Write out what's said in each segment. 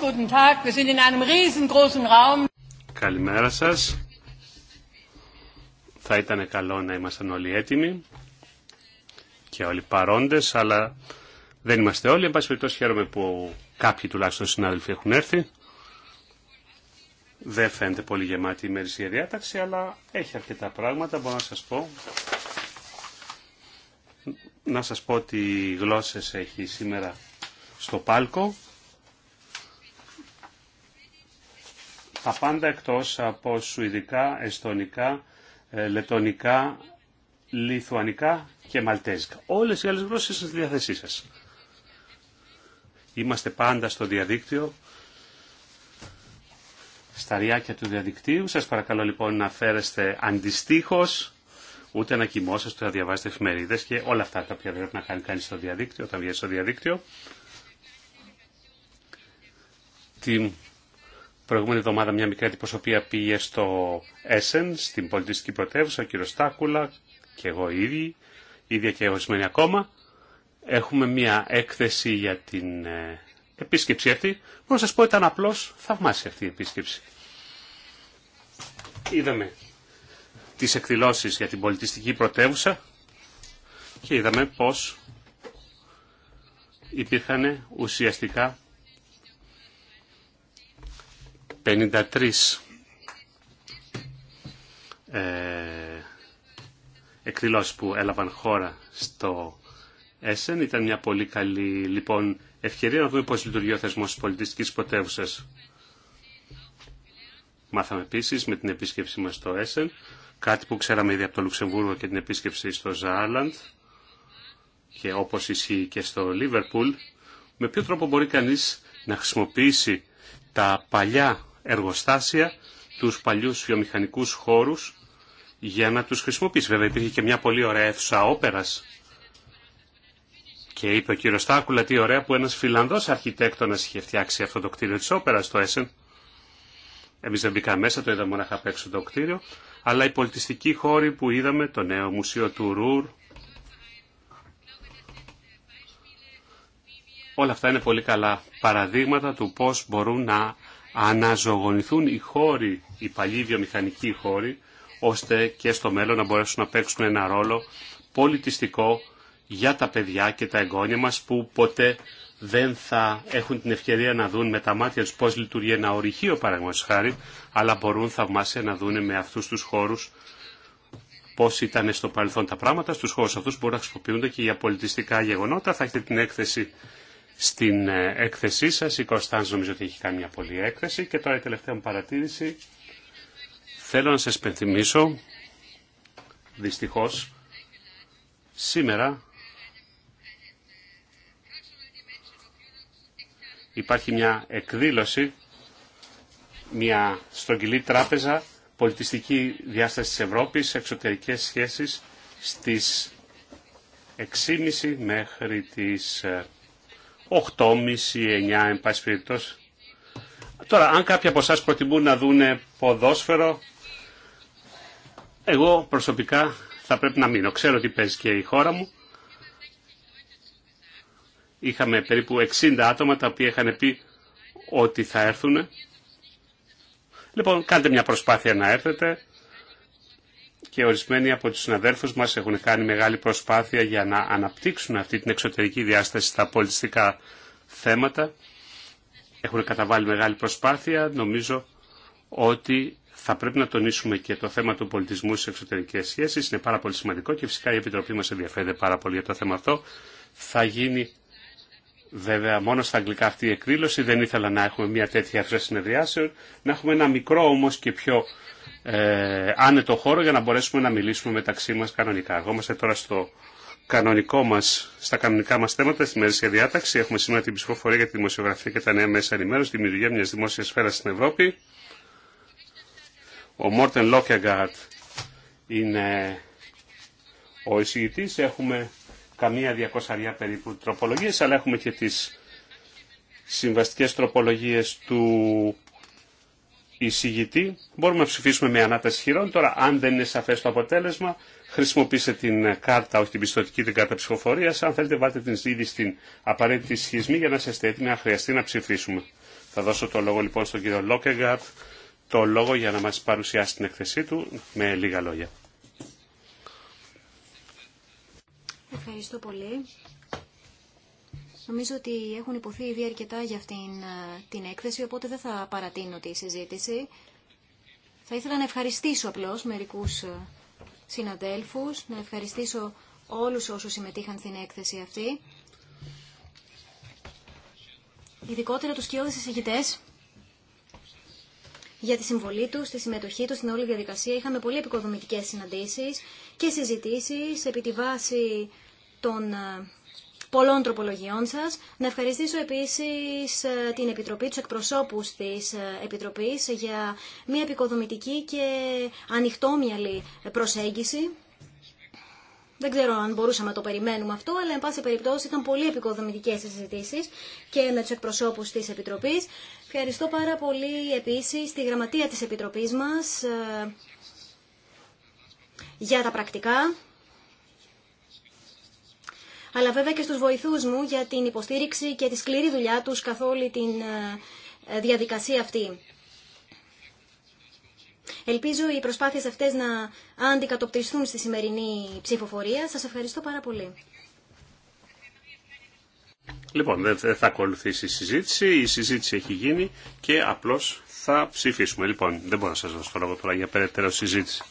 guten Tag. Wir sind in einem riesengroßen Raum. Καλημέρα σας. Θα ήταν καλό να ήμασταν όλοι έτοιμοι και όλοι παρόντες, αλλά δεν είμαστε όλοι. Εν πάση περιπτώσει χαίρομαι που κάποιοι τουλάχιστον συνάδελφοι έχουν έρθει. Δεν φαίνεται πολύ γεμάτη η ημερησία διάταξη, αλλά έχει αρκετά πράγματα, μπορώ να σας πω. Να σας πω ότι γλώσσες έχει σήμερα στο πάλκο πάντα εκτός από σουηδικά, εστονικά, ε, λετονικά, λιθουανικά και μαλτέζικα. Όλες οι άλλες γλώσσες είναι στη διάθεσή σας. Είμαστε πάντα στο διαδίκτυο, στα ριάκια του διαδικτύου. Σας παρακαλώ λοιπόν να φέρεστε αντιστοίχω. ούτε να κοιμόσαστε, να διαβάζετε εφημερίδες και όλα αυτά τα οποία πρέπει να κάνει κανείς στο διαδίκτυο, όταν βγαίνει στο διαδίκτυο προηγούμενη εβδομάδα μια μικρή αντιπροσωπεία πήγε στο Έσεν, στην πολιτιστική πρωτεύουσα, ο κύριο Στάκουλα και εγώ ήδη, ίδια και ορισμένοι ακόμα. Έχουμε μια έκθεση για την ε, επίσκεψη αυτή. Μπορώ να σας πω ήταν απλώς θαυμάσια αυτή η επίσκεψη. Είδαμε τις εκδηλώσεις για την πολιτιστική πρωτεύουσα και είδαμε πως υπήρχαν ουσιαστικά 53 ε, εκδηλώσεις που έλαβαν χώρα στο ΕΣΕΝ. Ήταν μια πολύ καλή λοιπόν ευκαιρία να δούμε πώς λειτουργεί ο θεσμός της πολιτιστικής πρωτεύουσα. Μάθαμε επίσης με την επίσκεψή μας στο ΕΣΕΝ, κάτι που ξέραμε ήδη από το Λουξεμβούργο και την επίσκεψη στο Ζάρλαντ και όπως ισχύει και στο Λίβερπουλ, με ποιο τρόπο μπορεί κανείς να χρησιμοποιήσει τα παλιά εργοστάσια, τους παλιούς βιομηχανικούς χώρους για να τους χρησιμοποιήσει. Βέβαια υπήρχε και μια πολύ ωραία αίθουσα όπερας και είπε ο κύριος Στάκουλα τι ωραία που ένας Φιλανδός αρχιτέκτονας είχε φτιάξει αυτό το κτίριο της όπερας στο Έσεν. Εμείς δεν μπήκαμε μέσα, το είδαμε μοναχα απ' έξω το κτίριο. Αλλά οι πολιτιστικοί χώροι που είδαμε, το νέο μουσείο του Ρουρ, όλα αυτά είναι πολύ καλά παραδείγματα του πώς μπορούν να αναζωογονηθούν οι χώροι, οι παλιοί βιομηχανικοί χώροι, ώστε και στο μέλλον να μπορέσουν να παίξουν ένα ρόλο πολιτιστικό για τα παιδιά και τα εγγόνια μας που ποτέ δεν θα έχουν την ευκαιρία να δουν με τα μάτια τους πώς λειτουργεί ένα ορυχείο παραγωγής χάρη, αλλά μπορούν θαυμάσια να δουν με αυτούς τους χώρους πώς ήταν στο παρελθόν τα πράγματα. Στους χώρους αυτούς μπορούν να χρησιμοποιούνται και για πολιτιστικά γεγονότα. Θα έχετε την έκθεση στην ε, έκθεσή σας. Η Κωνσταντζ νομίζω ότι έχει κάνει μια πολλή έκθεση. Και τώρα η τελευταία μου παρατήρηση. Θέλω να σας πενθυμίσω, δυστυχώς, σήμερα υπάρχει μια εκδήλωση, μια στρογγυλή τράπεζα, πολιτιστική διάσταση της Ευρώπης, εξωτερικές σχέσεις στις 6.30 μέχρι τις ε, 8,5, 9, εν πάση περιπτώσει. Τώρα, αν κάποιοι από εσά προτιμούν να δούνε ποδόσφαιρο, εγώ προσωπικά θα πρέπει να μείνω. Ξέρω ότι παίζει και η χώρα μου. Είχαμε περίπου 60 άτομα τα οποία είχαν πει ότι θα έρθουν. Λοιπόν, κάντε μια προσπάθεια να έρθετε και ορισμένοι από τους συναδέλφους μας έχουν κάνει μεγάλη προσπάθεια για να αναπτύξουν αυτή την εξωτερική διάσταση στα πολιτιστικά θέματα. Έχουν καταβάλει μεγάλη προσπάθεια. Νομίζω ότι θα πρέπει να τονίσουμε και το θέμα του πολιτισμού στις εξωτερικές σχέσεις. Είναι πάρα πολύ σημαντικό και φυσικά η Επιτροπή μας ενδιαφέρεται πάρα πολύ για το θέμα αυτό. Θα γίνει βέβαια μόνο στα αγγλικά αυτή η εκδήλωση. Δεν ήθελα να έχουμε μια τέτοια συνεδριάσεων. Να έχουμε ένα μικρό όμως και πιο ε, άνετο χώρο για να μπορέσουμε να μιλήσουμε μεταξύ μας κανονικά. είμαστε τώρα στο κανονικό μας, στα κανονικά μας θέματα, στη μέρησια διάταξη. Έχουμε σήμερα την ψηφοφορία για τη δημοσιογραφία και τα νέα μέσα ενημέρωση, τη δημιουργία μιας δημόσιας σφαίρας στην Ευρώπη. Ο Μόρτεν Λόκεγκαρτ είναι ο εισηγητής. Έχουμε καμία διακόσαριά περίπου τροπολογίες, αλλά έχουμε και τις συμβαστικές τροπολογίες του εισηγητή. Μπορούμε να ψηφίσουμε με ανάταση χειρών. Τώρα, αν δεν είναι σαφέ το αποτέλεσμα, χρησιμοποιήστε την ε, κάρτα, όχι την πιστοτική, την κάρτα ψηφοφορία. Αν θέλετε, βάλτε την ήδη στην απαραίτητη σχισμή για να είστε έτοιμοι, να χρειαστεί να ψηφίσουμε. Θα δώσω το λόγο λοιπόν στον κύριο Λόκεγκαρτ, το λόγο για να μα παρουσιάσει την εκθεσή του με λίγα λόγια. Ευχαριστώ πολύ. Νομίζω ότι έχουν υποθεί ήδη αρκετά για αυτήν ε, την έκθεση, οπότε δεν θα παρατείνω τη συζήτηση. Θα ήθελα να ευχαριστήσω απλώς μερικούς ε, συναδέλφους, να ευχαριστήσω όλους όσους συμμετείχαν στην έκθεση αυτή. Ειδικότερα τους κοιόδες εισηγητές για τη συμβολή του, τη συμμετοχή του στην όλη διαδικασία. Είχαμε πολύ επικοδομητικές συναντήσεις και συζητήσεις επί τη βάση των ε, πολλών τροπολογιών σας. Να ευχαριστήσω επίσης ε, την Επιτροπή, του εκπροσώπους της ε, Επιτροπής για μια επικοδομητική και ανοιχτόμυαλη προσέγγιση. Δεν ξέρω αν μπορούσαμε να το περιμένουμε αυτό, αλλά εν πάση περιπτώσει ήταν πολύ επικοδομητικέ οι συζητήσει και με του εκπροσώπου τη Επιτροπή. Ευχαριστώ πάρα πολύ επίση τη γραμματεία τη Επιτροπή μα ε, για τα πρακτικά αλλά βέβαια και στους βοηθούς μου για την υποστήριξη και τη σκληρή δουλειά τους καθ' όλη τη ε, διαδικασία αυτή. Ελπίζω οι προσπάθειες αυτές να αντικατοπτριστούν στη σημερινή ψηφοφορία. Σας ευχαριστώ πάρα πολύ. Λοιπόν, δεν θα ακολουθήσει η συζήτηση. Η συζήτηση έχει γίνει και απλώς θα ψηφίσουμε. Λοιπόν, δεν μπορώ να σας δώσω τώρα για περαιτέρω συζήτηση.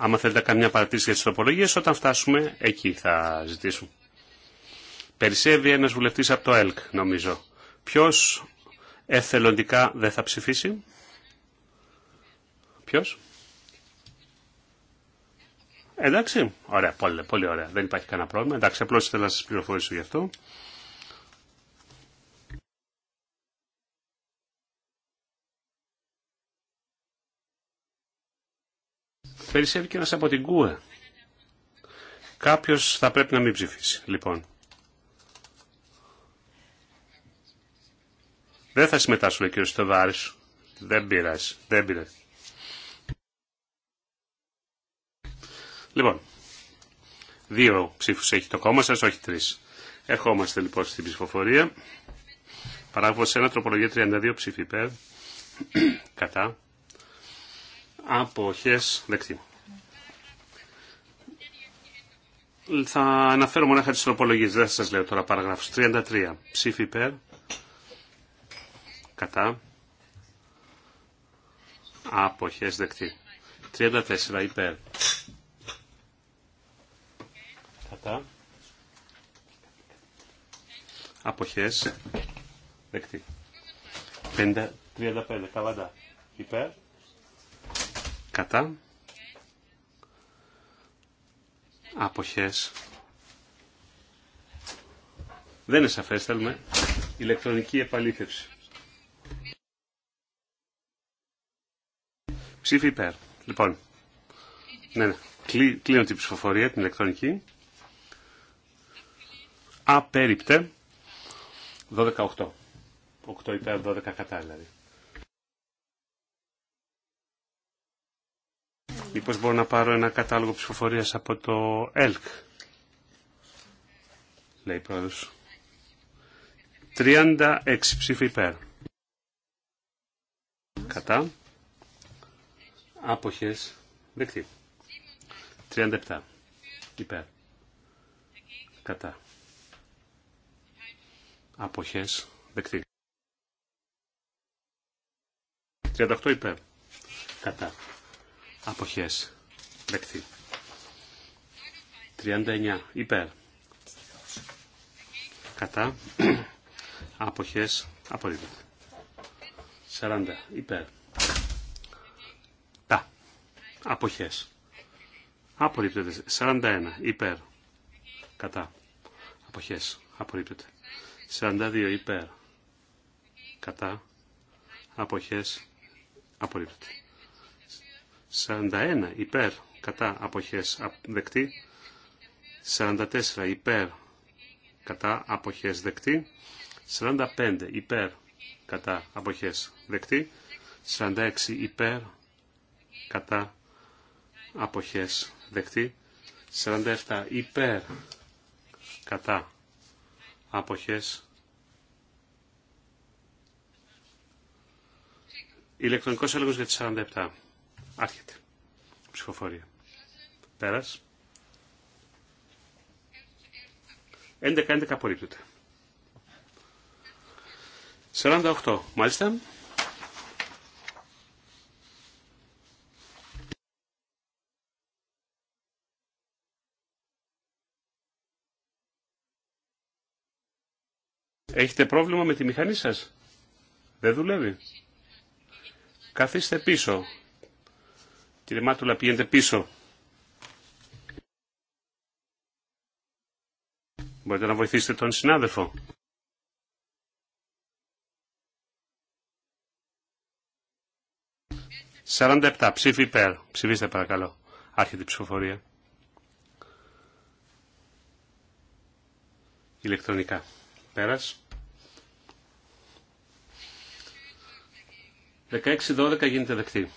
Άμα θέλετε να κάνετε μια παρατήρηση για τις τροπολογίες, όταν φτάσουμε εκεί θα ζητήσουμε. Περισσεύει ένας βουλευτής από το ΕΛΚ, νομίζω. Ποιος εθελοντικά δεν θα ψηφίσει. Ποιος. Εντάξει. Ωραία, πολύ, πολύ ωραία. Δεν υπάρχει κανένα πρόβλημα. Εντάξει, απλώς ήθελα να σας πληροφορήσω γι' αυτό. Περισσεύει και ένας από την ΚΟΕ. Κάποιος θα πρέπει να μην ψηφίσει, λοιπόν. Δεν θα συμμετάσχουν ο κύριος Δεν πειράζει. Δεν πειράζει. Λοιπόν, δύο ψήφους έχει το κόμμα σας, όχι τρεις. Ερχόμαστε λοιπόν στην ψηφοφορία. Παράγωγος 1, τροπολογία 32, ψήφι υπέρ. Κατά. Αποχές δεκτήμα. Θα αναφέρω μονάχα τις τροπολογίες, δεν σας λέω τώρα παραγράφους. 33. Ψήφι υπέρ. Κατά. Αποχές δεκτή. 34 υπέρ. Κατά. Αποχές δεκτή. 35 καβαντά υπέρ. Κατά αποχές. Δεν είναι σαφές, θέλουμε ηλεκτρονική επαλήθευση. Ψήφι υπέρ. Λοιπόν, ναι, ναι. κλείνω την ψηφοφορία, την ηλεκτρονική. Απέριπτε. 12-8. 8 υπέρ, 12 κατά δηλαδή. Μήπως μπορώ να πάρω ένα κατάλογο ψηφοφορίας από το ΕΛΚ. Λέει πρόεδρος. 36 ψήφοι υπέρ. Κατά. Άποχες. Δεκτή. 37. Υπέρ. Κατά. Αποχές. Δεκτή. 38 υπέρ. Κατά αποχές δεκτή. 39 υπέρ κατά αποχές απορρίπτεται. 40 υπέρ τα αποχές απορρίπτεται. 41 υπέρ κατά αποχές απορρίπτεται. 42 υπέρ κατά αποχές απορρίπτεται. 41 υπέρ κατά αποχές δεκτή. 44 υπέρ κατά αποχές δεκτή. 45 υπέρ κατά αποχές δεκτή. 46 υπέρ κατά αποχές δεκτή. 47 υπέρ κατά αποχές ηλεκτρονικός έλεγχος για τις 47 Άρχεται. Ψηφοφορία. Πέρας. 11-11 απορρίπτεται. 48. Μάλιστα. Έχετε πρόβλημα με τη μηχανή σας. Δεν δουλεύει. Καθίστε πίσω Κύριε Μάτουλα, πηγαίνετε πίσω. Μπορείτε να βοηθήσετε τον συνάδελφο. Σαράντα ψήφι υπέρ. Ψηφίστε παρακαλώ. Άρχεται η ψηφοφορία. Ηλεκτρονικά. Πέρας. 16-12 γίνεται δεκτή.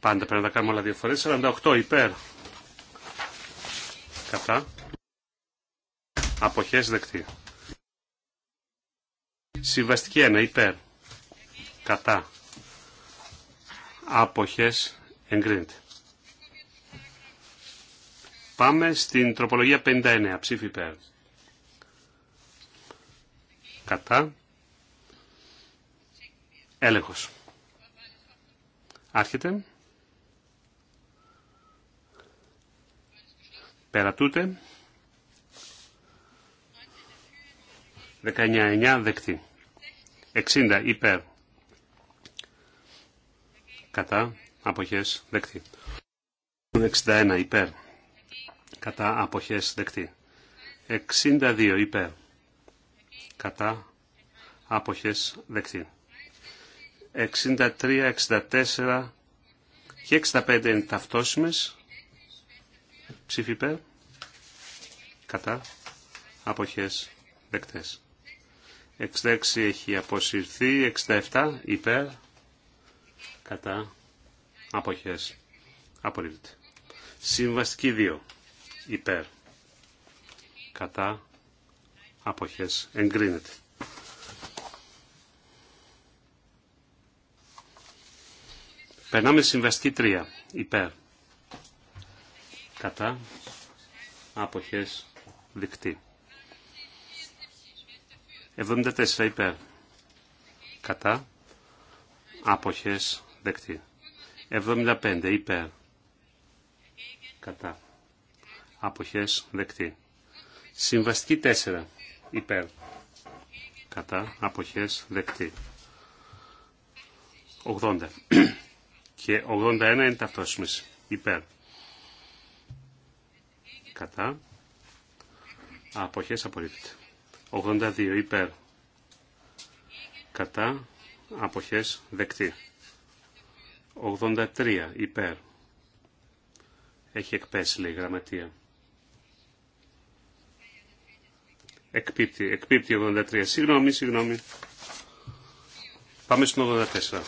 Πάντα πρέπει να τα κάνουμε όλα δύο φορές. 48 υπέρ. Κατά. Αποχές δεκτή. Συμβαστική 1 υπέρ. Κατά. Αποχές εγκρίνεται. Πάμε στην τροπολογία 59. Ψήφι υπέρ. Κατά. Έλεγχος. Άρχεται. Πέρα τούτε. 19-9 δεκτή. 60 υπέρ. Κατά αποχές δεκτή. 61 υπέρ. Κατά αποχές δεκτή. 62 υπέρ. Κατά άποχες δεκτή. 63, 64 και 65 είναι ταυτόσιμες. Ψήφι Κατά. Αποχές. Δεκτές. 66 έχει αποσυρθεί. 67 υπέρ. Κατά. Αποχές. απορρίβεται. Συμβαστική 2. Υπέρ. Κατά. Αποχές. Εγκρίνεται. Περνάμε συμβαστική 3. Υπέρ κατά αποχές δεκτή. 74 υπέρ κατά αποχές δεκτή. 75 υπέρ κατά αποχές δεκτή. Συμβαστική 4 υπέρ κατά αποχές δεκτή. 80 και 81 είναι ταυτόσιμες υπέρ κατά αποχές απορρίπτει. 82 υπέρ κατά αποχές δεκτή. 83 υπέρ έχει εκπέσει λέει η γραμματεία. Εκπίπτει, εκπίπτει 83. Συγγνώμη, συγγνώμη. Πάμε στον 84.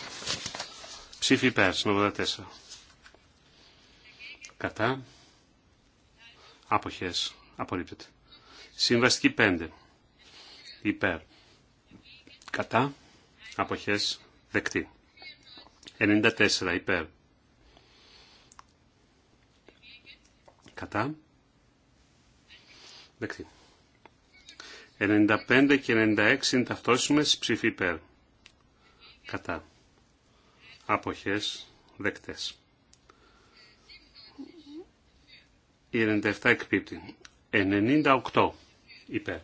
Ψήφι υπέρ στην 84. Κατά. Αποχές. Απορρίπτεται. Συμβαστική 5. Υπέρ. Κατά. Αποχές. Δεκτή. 94. Υπέρ. Κατά. Δεκτή. 95 και 96 είναι ταυτόσιμες ψήφι υπέρ. Κατά. Αποχές δεκτές. Η 97 εκπίπτει. 98 υπέρ.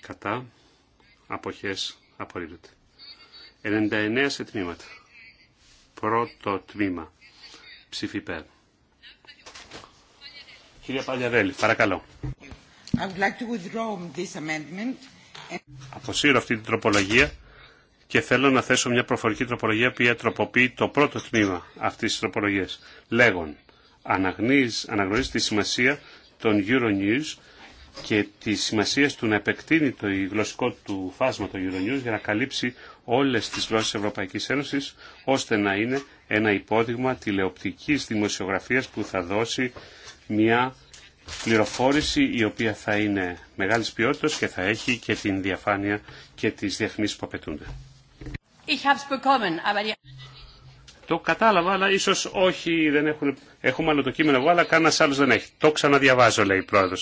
Κατά αποχές απορρίπτεται. 99 σε τμήματα. Πρώτο τμήμα. Ψήφι υπέρ. Κυρία Παλιαδέλη, παρακαλώ. I would like to withdraw this amendment. Αποσύρω αυτή την τροπολογία και θέλω να θέσω μια προφορική τροπολογία που τροποποιεί το πρώτο τμήμα αυτής της τροπολογίας. Λέγον, αναγνωρίζει τη σημασία των Euronews και τη σημασία του να επεκτείνει το γλωσσικό του φάσμα το Euronews για να καλύψει όλες τις γλώσσες Ευρωπαϊκής Ένωσης ώστε να είναι ένα υπόδειγμα τηλεοπτικής δημοσιογραφίας που θα δώσει μια πληροφόρηση η οποία θα είναι μεγάλης ποιότητας και θα έχει και την διαφάνεια και τις διαφημίσεις που απαιτούνται. Το κατάλαβα, αλλά ίσω όχι, δεν έχουν, έχουμε άλλο το κείμενο εγώ, αλλά κανένα άλλο δεν έχει. Το ξαναδιαβάζω, λέει η πρόεδρο.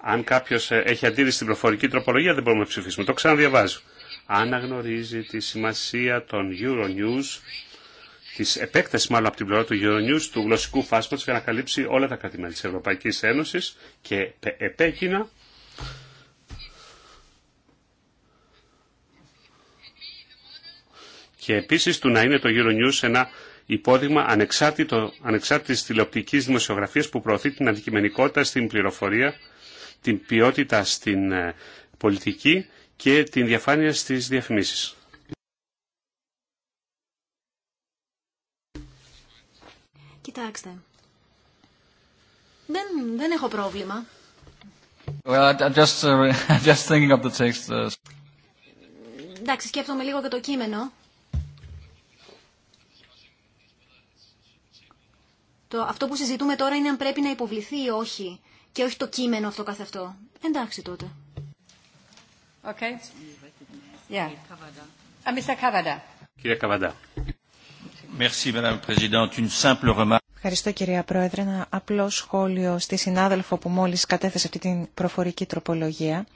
Αν κάποιο ε, έχει αντίρρηση στην προφορική τροπολογία, δεν μπορούμε να ψηφίσουμε. Το ξαναδιαβάζω. Αναγνωρίζει τη σημασία των Euronews, τη επέκταση μάλλον από την πλευρά του Euronews, του γλωσσικού φάσματο για να καλύψει όλα τα κρατη τη Ευρωπαϊκή Ένωση και επέκεινα και επίσης του να είναι το Euronews ένα υπόδειγμα ανεξάρτητο, ανεξάρτητης τηλεοπτικής δημοσιογραφίας που προωθεί την αντικειμενικότητα στην πληροφορία, την ποιότητα στην ε, πολιτική και την διαφάνεια στις διαφημίσεις. Κοιτάξτε, δεν, δεν έχω πρόβλημα. Well, just, uh, just thinking of the text. Uh, Εντάξει, σκέφτομαι λίγο και το κείμενο. Το, αυτό που συζητούμε τώρα είναι αν πρέπει να υποβληθεί ή όχι και όχι το κείμενο αυτό καθ' αυτό. Εντάξει τότε. Okay. Yeah. Κύριε Ευχαριστώ κυρία Πρόεδρε. Ένα απλό σχόλιο στη συνάδελφο που μόλις κατέθεσε αυτή την προφορική τροπολογία.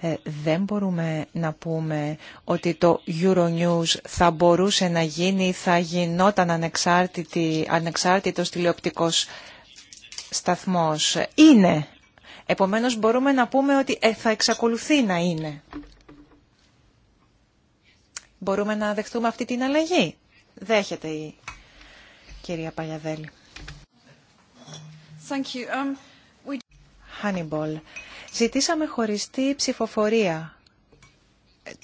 Ε, δεν μπορούμε να πούμε ότι το Euronews θα μπορούσε να γίνει, θα γινόταν ανεξάρτητη, ανεξάρτητος τηλεοπτικός σταθμός. Είναι. Επομένως μπορούμε να πούμε ότι ε, θα εξακολουθεί να είναι. Μπορούμε να δεχτούμε αυτή την αλλαγή. Δέχεται η κυρία Παλιαδέλη. Thank you. Um, Ζητήσαμε χωριστή ψηφοφορία.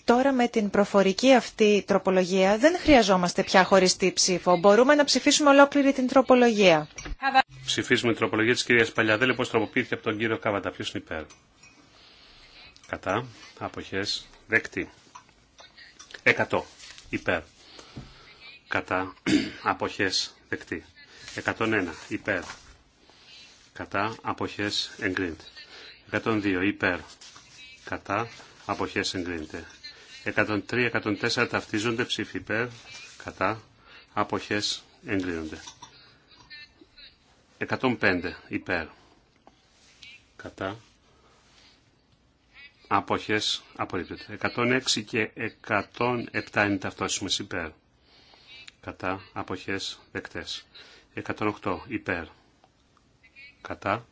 Τώρα με την προφορική αυτή τροπολογία δεν χρειαζόμαστε πια χωριστή ψήφο. Μπορούμε να ψηφίσουμε ολόκληρη την τροπολογία. Ψηφίσουμε την τροπολογία της κυρίας Παλιαδέλη όπως τροποποιήθηκε από τον κύριο Κάβαντα. Ποιος είναι υπέρ. Κατά. Αποχές. Δεκτή. 100. Υπέρ. Κατά. Αποχές. Δεκτή. 101. Υπέρ. Κατά. Αποχές. Εγκρίνεται. 102 υπέρ κατά απόχέ εγκρίνεται. 103, 104 ταυτίζονται ψήφι υπέρ κατά απόχέ εγκρίνονται. 105 υπέρ κατά Αποχέ απορρίπτεται. 106 και 107 είναι ταυτόσιμε υπέρ κατά αποχέ δεκτέ. 108 υπέρ κατά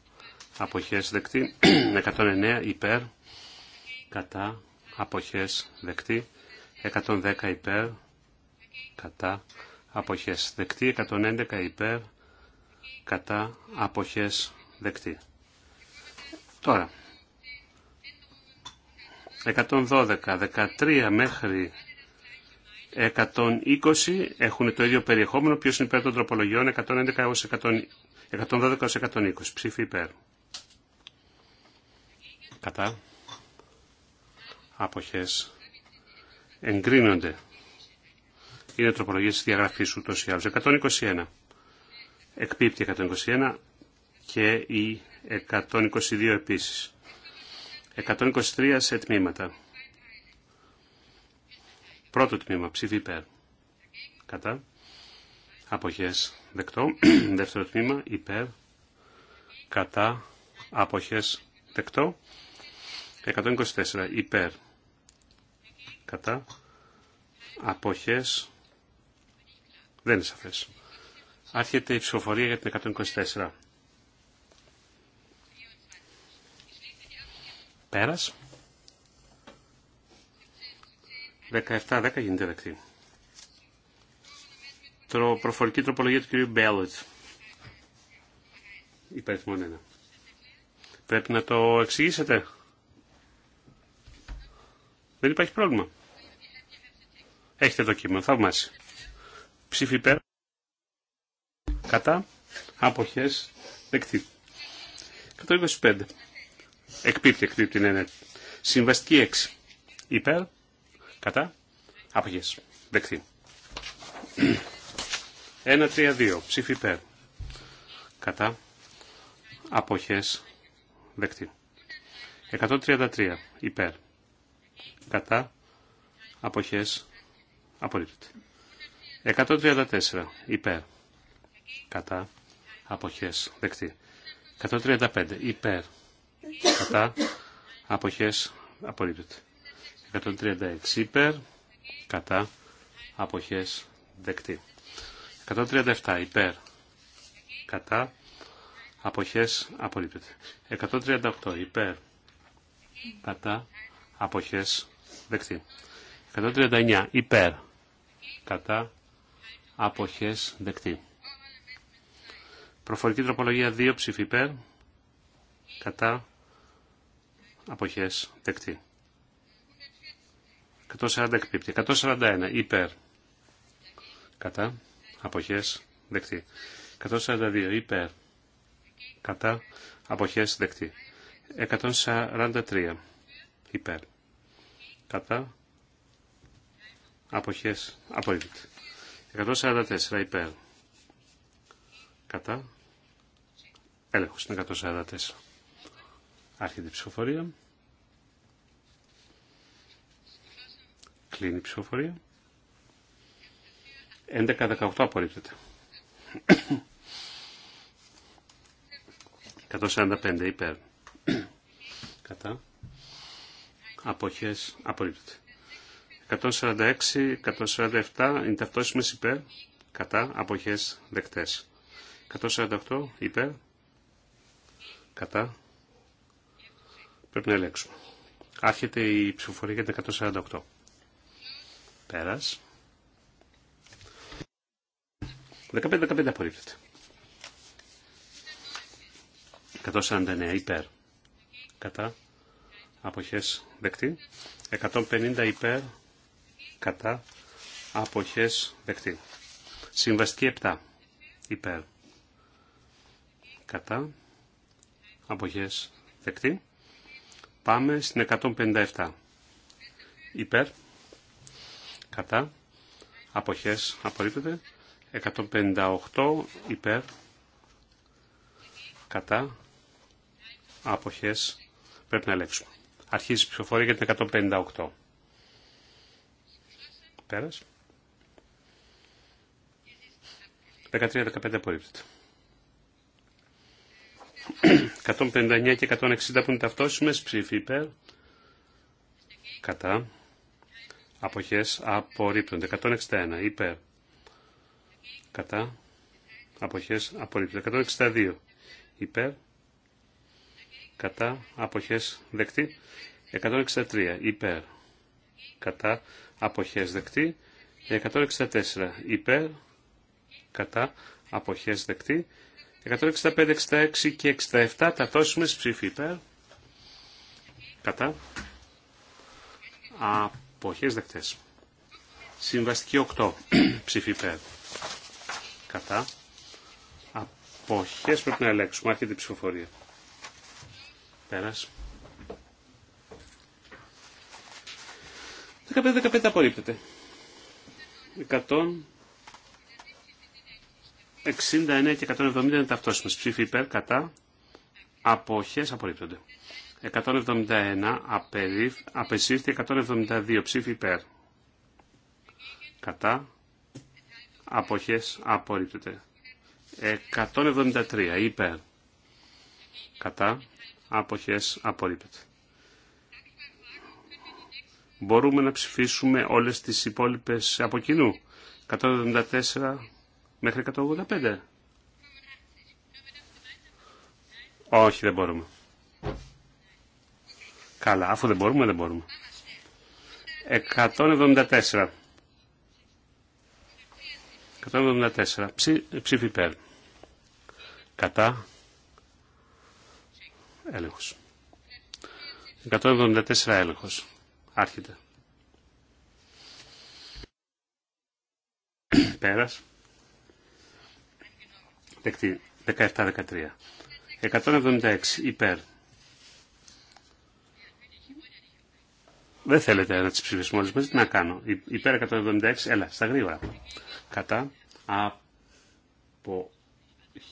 αποχές δεκτή 109 υπέρ κατά αποχές δεκτή 110 υπέρ κατά αποχές δεκτή 111 υπέρ κατά αποχές δεκτή τώρα 112, 13 μέχρι 120 έχουν το ίδιο περιεχόμενο. Ποιος είναι υπέρ των τροπολογιών 111 112 έως 120. Ψήφι υπέρ κατά αποχές εγκρίνονται. Είναι τροπολογίες της διαγραφής του ή 121. Εκπίπτει 121 και η 122 επίσης. 123 σε τμήματα. Πρώτο τμήμα, ψήφι υπέρ. Κατά. Αποχές δεκτό. Δεύτερο τμήμα, υπέρ. Κατά. Αποχές δεκτό. 124 υπέρ κατά αποχές δεν είναι σαφές. Άρχεται η ψηφοφορία για την 124. Πέρας. 17-10 γίνεται δεκτή. Τρο, προφορική τροπολογία του κυρίου Μπέλετ. Υπαριθμόν 1. Πρέπει να το εξηγήσετε. Δεν υπάρχει πρόβλημα. Έχετε το κείμενο. Θαυμάσει. Ψήφι υπέρ. Κατά. Αποχές. Δεκτή. 125. Εκπίπτει, εκπίπτει, ναι, ναι. Συμβαστική 6. Υπέρ. Κατά. Αποχές. Δεκτή. 1-3-2. Ψήφι υπέρ. Κατά. Αποχές. Δεκτή. 133. Υπέρ κατά αποχές απορρίπτεται. 134 υπέρ κατά αποχές δεκτή. 135 υπέρ κατά αποχές απορρίπτεται. 136 υπέρ κατά αποχές δεκτή. 137 υπέρ κατά αποχές απορρίπτεται. 138 υπέρ κατά αποχές δεκτή. 139 υπέρ κατά αποχές δεκτή. Προφορική τροπολογία 2 ψήφι υπέρ κατά αποχές δεκτή. 140 141 υπέρ κατά αποχές δεκτή. 142 υπέρ κατά αποχές δεκτή. 143 υπέρ κατά αποχές απορρίπτεται. 144 υπέρ κατά έλεγχος 144. Άρχεται η ψηφοφορία. Κλείνει η ψηφοφορία. 11-18 απορρίπτεται. 145 υπέρ. Κατά αποχές απορρίπτεται. 146, 147 είναι ταυτόσιμες υπέρ, κατά, αποχές δεκτές. 148 υπέρ, κατά, πρέπει να ελέγξουμε. Άρχεται η ψηφοφορία για την 148. Πέρας. 15-15 απορρίπτεται. 149 υπέρ, κατά, αποχές δεκτή. 150 υπέρ κατά αποχές δεκτή. Συμβαστική 7 υπέρ κατά αποχές δεκτή. Πάμε στην 157 υπέρ κατά αποχές απορρίπτεται. 158 υπέρ κατά αποχές πρέπει να ελέγξουμε. Αρχίζει η ψηφοφορία για την 158. Πέρας. 13-15 απορρίπτεται. 159 και 160 που είναι ταυτόσιμες ψήφι υπέρ. Κατά. Αποχές απορρίπτονται. 161 υπέρ. Κατά. Αποχές απορρίπτονται. 162 υπέρ κατά αποχές δεκτή 163 υπέρ κατά αποχές δεκτή 164 υπέρ κατά αποχές δεκτή 165, 66 και 67 ταυτόσιμες ψηφί υπέρ κατά αποχές δεκτές συμβαστική 8 ψηφί υπέρ κατά αποχές πρέπει να ελέγξουμε άρχεται η ψηφοφορία Πέρας. 15-15 απορρίπτεται. 169 και 170 είναι ταυτόσιμες. Ψήφι υπέρ, κατά, απόχέ απορρίπτονται. 171 απερίφ, απεσύρθη, 172 ψήφι υπέρ. Κατά, απόχέ απορρίπτονται. 173 υπέρ. Κατά, αποχές απορρίπτεται. Μπορούμε να ψηφίσουμε όλες τις υπόλοιπες από κοινού. 174 μέχρι 185. Όχι, δεν μπορούμε. Καλά, αφού δεν μπορούμε, δεν μπορούμε. 174. 174. Ψήφι υπέρ. Κατά έλεγχος. 174 έλεγχος. Άρχεται. Πέρας. Δεκτή. 17-13. 176 υπέρ. Δεν θέλετε να τις ψηφίσουμε όλες μαζί. Τι να κάνω. Υπέρ 176. Έλα, στα γρήγορα. Κατά.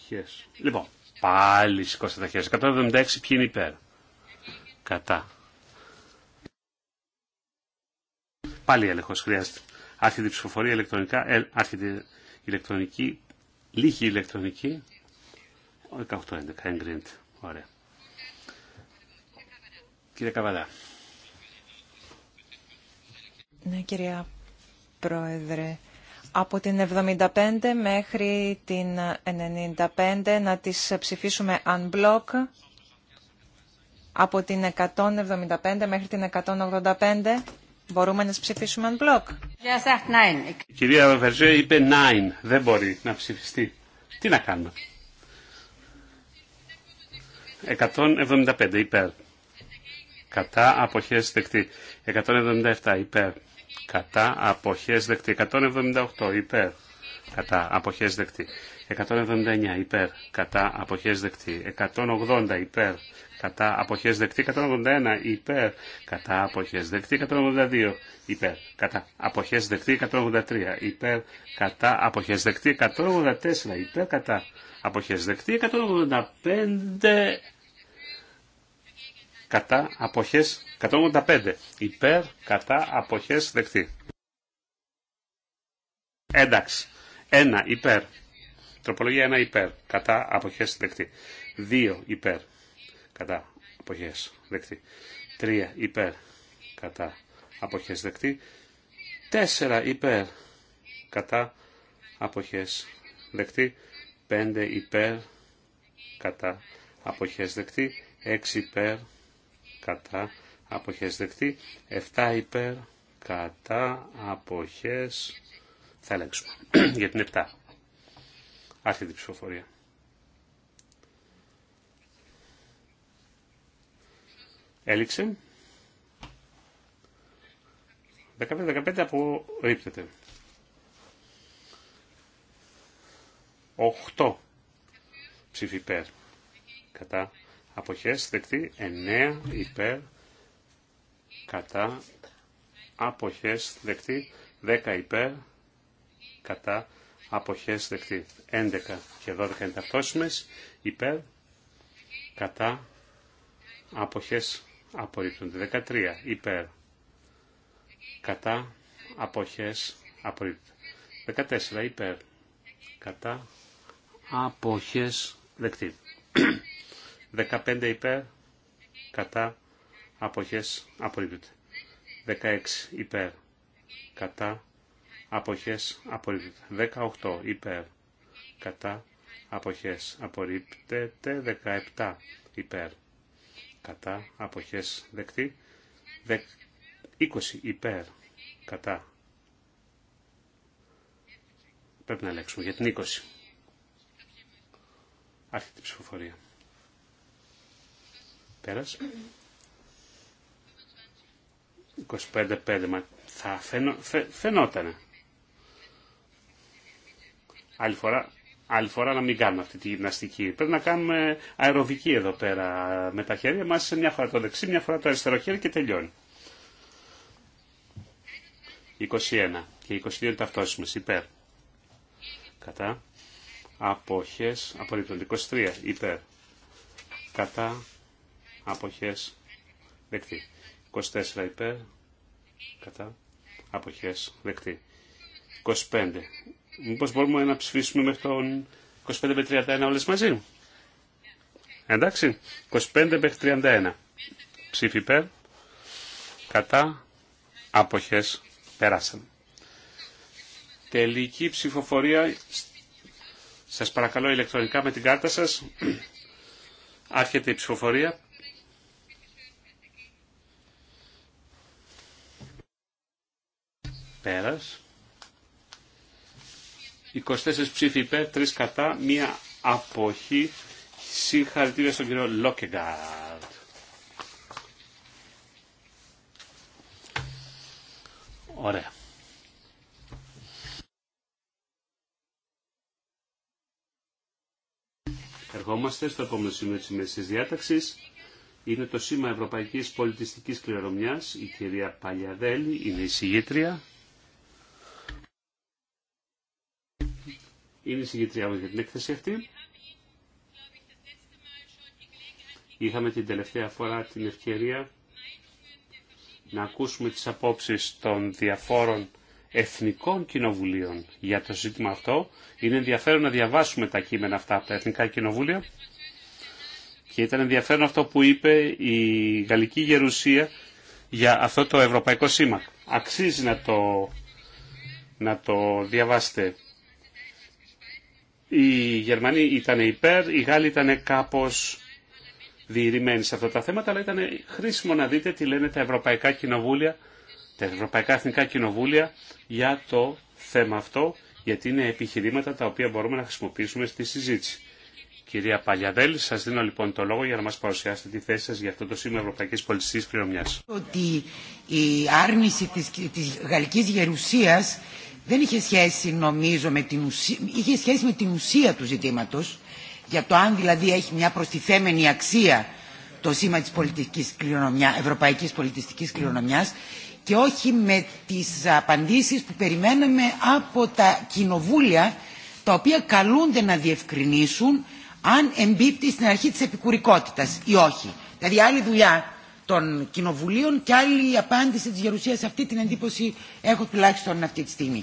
χες Λοιπόν, Πάλι σηκώστε τα χέρια. 176 ποιοι είναι υπέρ. Κατά. Πάλι έλεγχο χρειάζεται. Άρχεται η ψηφοφορία ηλεκτρονικά, ε, άρχεται ηλεκτρονική, λίγη ηλεκτρονική. 18-11 εγκρίνεται. Ωραία. Κύριε Καβαλά. Ναι, κυρία Πρόεδρε από την 75 μέχρι την 95 να τις ψηφίσουμε unblock από την 175 μέχρι την 185 μπορούμε να τις ψηφίσουμε unblock. Η κυρία Βερζέ είπε 9. Δεν μπορεί να ψηφιστεί. Τι να κάνουμε. 175 υπέρ. Κατά αποχές δεκτή. 177 υπέρ κατά αποχές δεκτή. 178 υπέρ κατά αποχές δεκτή. 179 υπέρ κατά αποχές δεκτή. 180 υπέρ κατά αποχές δεκτή. 181 υπέρ κατά αποχές δεκτή. 182 υπέρ κατά αποχές δεκτή. 183 υπέρ κατά αποχές δεκτή. 184 υπέρ κατά αποχές δεκτή. 185 κατά αποχές 185 υπέρ κατά αποχές δεκτή ένταξη 1 υπέρ τροπολογία 1 υπέρ κατά αποχές δεκτή 2 υπέρ κατά αποχές δεκτή 3 υπέρ κατά αποχές δεκτή 4 υπέρ κατά αποχές δεκτή 5 υπέρ κατά αποχές δεκτή 6 υπέρ κατά αποχές δεκτή, 7 υπέρ κατά αποχές θα ελέγξουμε για την 7. Άρχεται η ψηφοφορία. Έληξε. 15-15 απορρίπτεται. 8 ψήφι κατά αποχές δεκτή 9 υπέρ κατά αποχές δεκτή 10 υπέρ κατά αποχές δεκτή 11 και 12 είναι ταυτόσιμες υπέρ κατά αποχές απορρίπτονται 13 υπέρ κατά αποχές απορρίπτονται 14 υπέρ κατά αποχές δεκτή 15 υπέρ, κατά, αποχές, απορρίπτεται. 16 υπέρ, κατά, αποχές, απορρίπτεται. 18 υπέρ, κατά, αποχές, απορρίπτεται. 17 υπέρ, κατά, αποχές, δεκτή. 20 υπέρ, κατά. Πρέπει να ελέγξουμε για την 20. Αυτή την ψηφοφορία. Πέρας. 25 25-5. Θα φαινο, φαινότανε. Άλλη φορά, άλλη φορά να μην κάνουμε αυτή τη γυμναστική. Πρέπει να κάνουμε αεροβική εδώ πέρα με τα χέρια μας, μια φορά το δεξί, μια φορά το αριστερό χέρι και τελειώνει. 21 και 22 ταυτόσιμες υπέρ. Κατά. Απόχες. Απορρίπτονται. 23 υπέρ. Κατά αποχές δεκτή. 24 υπέρ κατά αποχές δεκτή. 25. Μήπως μπορούμε να ψηφίσουμε μέχρι τον 25 με 31 όλες μαζί. Εντάξει. 25 μέχρι 31. Ψήφι υπέρ κατά αποχές περάσαμε. Τελική ψηφοφορία. Σας παρακαλώ ηλεκτρονικά με την κάρτα σας. Άρχεται η ψηφοφορία. Πέρας. 24 ψήφοι υπέρ, 3 κατά, μία αποχή. Συγχαρητήρια στον κύριο Λόκεγκαρτ. Ωραία. Ερχόμαστε στο επόμενο σημείο της ημερησής διάταξης. Είναι το σήμα Ευρωπαϊκής Πολιτιστικής Κληρονομιάς. Η κυρία Παλιαδέλη είναι η συγγήτρια. είναι η συγκεντριά μας για την έκθεση αυτή. Είχαμε την τελευταία φορά την ευκαιρία να ακούσουμε τις απόψεις των διαφόρων εθνικών κοινοβουλίων για το ζήτημα αυτό. Είναι ενδιαφέρον να διαβάσουμε τα κείμενα αυτά από τα εθνικά κοινοβούλια. Και ήταν ενδιαφέρον αυτό που είπε η Γαλλική Γερουσία για αυτό το ευρωπαϊκό σήμα. Αξίζει το, να το διαβάσετε. Οι Γερμανοί ήταν υπέρ, οι Γάλλοι ήταν κάπως διηρημένοι σε αυτά τα θέματα, αλλά ήταν χρήσιμο να δείτε τι λένε τα ευρωπαϊκά κοινοβούλια, τα ευρωπαϊκά εθνικά κοινοβούλια για το θέμα αυτό, γιατί είναι επιχειρήματα τα οποία μπορούμε να χρησιμοποιήσουμε στη συζήτηση. Κυρία Παλιαδέλη, σα δίνω λοιπόν το λόγο για να μα παρουσιάσετε τη θέση σα για αυτό το σήμα Ευρωπαϊκή Πολιτική Κληρομία. Ότι η άρνηση γαλλική γερουσία δεν είχε σχέση νομίζω με την ουσία, είχε σχέση με την ουσία του ζητήματος για το αν δηλαδή έχει μια προστιθέμενη αξία το σήμα της πολιτικής κληρονομιά, ευρωπαϊκής πολιτιστικής κληρονομιάς και όχι με τις απαντήσεις που περιμέναμε από τα κοινοβούλια τα οποία καλούνται να διευκρινίσουν αν εμπίπτει στην αρχή της επικουρικότητας ή όχι. Δηλαδή άλλη δουλειά των κοινοβουλίων και άλλη απάντηση της Γερουσίας αυτή την εντύπωση έχω τουλάχιστον αυτή τη στιγμή.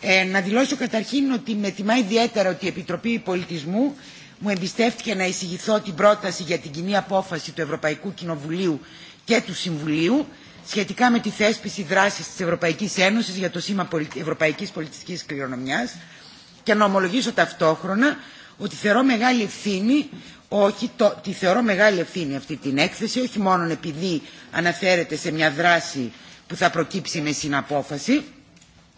Ε, να δηλώσω καταρχήν ότι με τιμά ιδιαίτερα ότι η Επιτροπή Πολιτισμού μου εμπιστεύτηκε να εισηγηθώ την πρόταση για την κοινή απόφαση του Ευρωπαϊκού Κοινοβουλίου και του Συμβουλίου σχετικά με τη θέσπιση δράσης της Ευρωπαϊκής Ένωσης για το σήμα Ευρωπαϊκής Πολιτιστικής Κληρονομιάς και να ομολογήσω ταυτόχρονα ότι θεωρώ μεγάλη ευθύνη όχι, το, τη θεωρώ μεγάλη ευθύνη αυτή την έκθεση, όχι μόνο επειδή αναφέρεται σε μια δράση που θα προκύψει με συναπόφαση,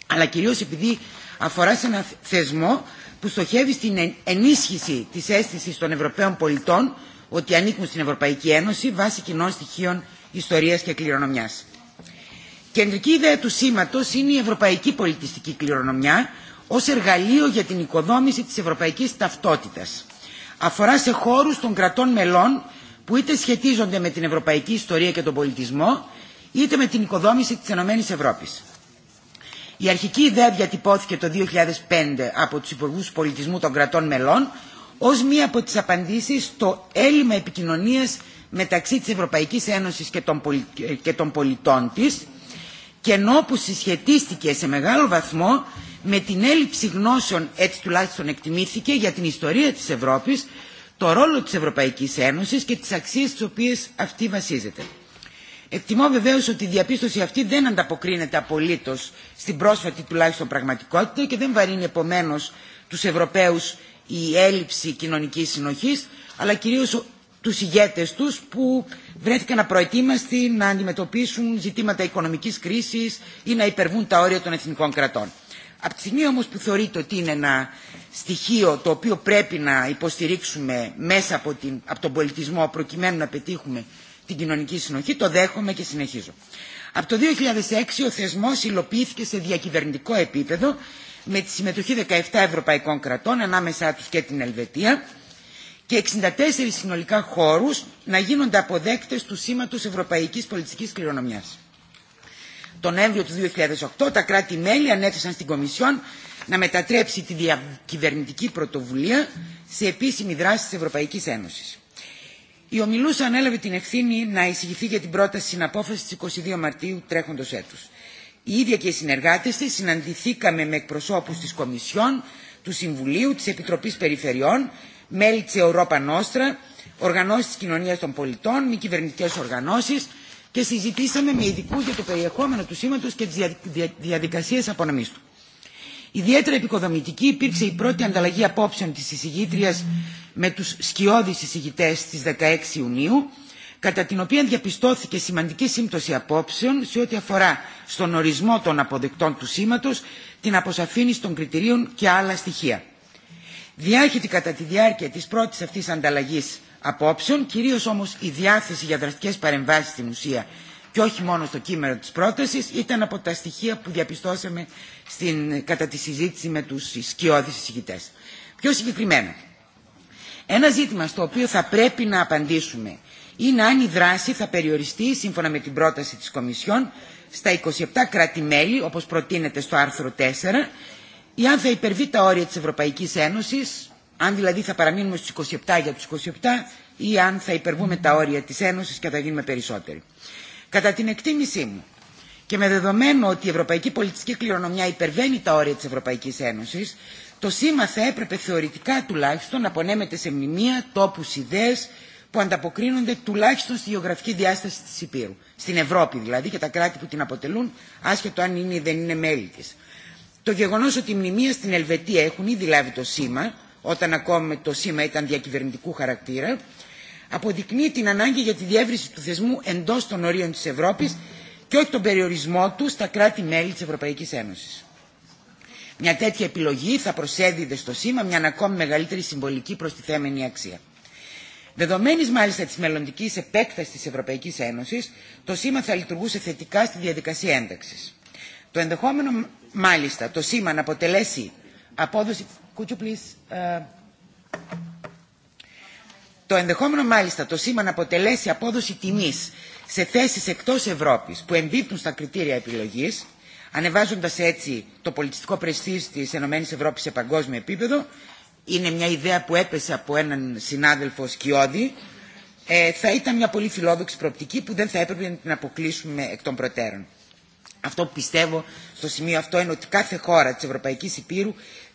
αλλά κυρίως επειδή αφορά σε ένα θεσμό που στοχεύει στην ενίσχυση της αίσθησης των Ευρωπαίων πολιτών ότι ανήκουν στην Ευρωπαϊκή Ένωση βάσει κοινών στοιχείων ιστορίας και κληρονομιάς. Κεντρική ιδέα του σήματος είναι η Ευρωπαϊκή Πολιτιστική Κληρονομιά ως εργαλείο για την οικοδόμηση της ευρωπαϊκής ταυτότητας αφορά σε χώρους των κρατών μελών που είτε σχετίζονται με την ευρωπαϊκή ιστορία και τον πολιτισμό, είτε με την οικοδόμηση της Ενωμένης Ευρώπης. Η αρχική ιδέα διατυπώθηκε το 2005 από τους Υπουργούς Πολιτισμού των κρατών μελών ως μία από τις απαντήσεις στο έλλειμμα επικοινωνίας μεταξύ της Ευρωπαϊκής Ένωσης και των πολιτών της και ενώ που συσχετίστηκε σε μεγάλο βαθμό με την έλλειψη γνώσεων, έτσι τουλάχιστον εκτιμήθηκε, για την ιστορία της Ευρώπης, το ρόλο της Ευρωπαϊκής Ένωσης και τις αξίες στις οποίες αυτή βασίζεται. Εκτιμώ βεβαίω ότι η διαπίστωση αυτή δεν ανταποκρίνεται απολύτω στην πρόσφατη τουλάχιστον πραγματικότητα και δεν βαρύνει επομένω του Ευρωπαίου η έλλειψη κοινωνική συνοχή, αλλά κυρίω του ηγέτε του που βρέθηκαν απροετοίμαστοι να αντιμετωπίσουν ζητήματα οικονομική κρίση ή να υπερβούν τα όρια των εθνικών κρατών. Από τη στιγμή όμως που θεωρείται ότι είναι ένα στοιχείο το οποίο πρέπει να υποστηρίξουμε μέσα από, την, από τον πολιτισμό προκειμένου να πετύχουμε την κοινωνική συνοχή, το δέχομαι και συνεχίζω. Από το 2006 ο θεσμός υλοποιήθηκε σε διακυβερνητικό επίπεδο με τη συμμετοχή 17 ευρωπαϊκών κρατών, ανάμεσά τους και την Ελβετία, και 64 συνολικά χώρους να γίνονται αποδέκτες του σήματος Ευρωπαϊκής Πολιτικής Κληρονομιάς τον Νοέμβριο του 2008 τα κράτη-μέλη ανέθεσαν στην Κομισιόν να μετατρέψει τη διακυβερνητική πρωτοβουλία σε επίσημη δράση της Ευρωπαϊκής Ένωσης. Η ομιλούσα ανέλαβε την ευθύνη να εισηγηθεί για την πρόταση συναπόφαση της 22 Μαρτίου τρέχοντος έτους. Η ίδια και οι συνεργάτες της συναντηθήκαμε με εκπροσώπους της Κομισιόν, του Συμβουλίου, της Επιτροπής Περιφερειών, μέλη της Ευρώπα Νόστρα, οργανώσεις τη Κοινωνία των πολιτών, μη κυβερνητικέ οργανώσεις, και συζητήσαμε με ειδικού για το περιεχόμενο του σήματο και τι διαδικασίε απονομή του. Ιδιαίτερα επικοδομητική υπήρξε η πρώτη ανταλλαγή απόψεων τη εισηγήτριας με του σκιώδει εισηγητές στις 16 Ιουνίου, κατά την οποία διαπιστώθηκε σημαντική σύμπτωση απόψεων σε ό,τι αφορά στον ορισμό των αποδεκτών του σήματο, την αποσαφήνιση των κριτηρίων και άλλα στοιχεία. Διάχυτη κατά τη διάρκεια της πρώτης αυτή ανταλλαγή απόψεων, κυρίω όμως η διάθεση για δραστικέ παρεμβάσει στην ουσία και όχι μόνο στο κείμενο τη πρόταση ήταν από τα στοιχεία που διαπιστώσαμε στην, κατά τη συζήτηση με τους σκιώδει συζητητέ. Πιο συγκεκριμένα, ένα ζήτημα στο οποίο θα πρέπει να απαντήσουμε είναι αν η δράση θα περιοριστεί, σύμφωνα με την πρόταση της Κομισιόν, στα 27 κράτη-μέλη, όπως προτείνεται στο άρθρο 4, ή αν θα υπερβεί τα όρια της Ευρωπαϊκής Ένωσης, αν δηλαδή θα παραμείνουμε στους 27 για τους 27 ή αν θα υπερβούμε τα όρια της Ένωσης και θα γίνουμε περισσότεροι. Κατά την εκτίμησή μου και με δεδομένο ότι η ευρωπαϊκή πολιτιστική κληρονομιά υπερβαίνει τα όρια της Ευρωπαϊκής Ένωσης, το σήμα θα έπρεπε θεωρητικά τουλάχιστον να πονέμεται σε μνημεία, τόπους, ιδέες που ανταποκρίνονται τουλάχιστον στη γεωγραφική διάσταση της Υπήρου. Στην Ευρώπη δηλαδή και τα κράτη που την αποτελούν, άσχετο αν είναι ή δεν είναι μέλη της. Το γεγονός ότι οι μνημεία στην Ελβετία έχουν ήδη λάβει το σήμα, όταν ακόμη το σήμα ήταν διακυβερνητικού χαρακτήρα, αποδεικνύει την ανάγκη για τη διεύρυνση του θεσμού εντό των ορίων τη Ευρώπη και όχι τον περιορισμό του στα κράτη-μέλη τη Ευρωπαϊκή Ένωση. Μια τέτοια επιλογή θα προσέδιδε στο σήμα μια ακόμη μεγαλύτερη συμβολική προστιθέμενη αξία. Δεδομένη μάλιστα τη μελλοντική επέκταση τη Ευρωπαϊκή Ένωση, το σήμα θα λειτουργούσε θετικά στη διαδικασία ένταξη. Το ενδεχόμενο μάλιστα το σήμα να αποτελέσει απόδοση Uh, το ενδεχόμενο μάλιστα το σήμα να αποτελέσει απόδοση τιμής σε θέσεις εκτός Ευρώπης που εμπίπτουν στα κριτήρια επιλογής, ανεβάζοντας έτσι το πολιτιστικό πρεστής της ΕΕ σε παγκόσμιο επίπεδο, είναι μια ιδέα που έπεσε από έναν συνάδελφο Σκιώδη, ε, θα ήταν μια πολύ φιλόδοξη προοπτική που δεν θα έπρεπε να την αποκλείσουμε εκ των προτέρων. Αυτό που πιστεύω στο σημείο αυτό είναι ότι κάθε χώρα της Ευρωπαϊκής Υπήρου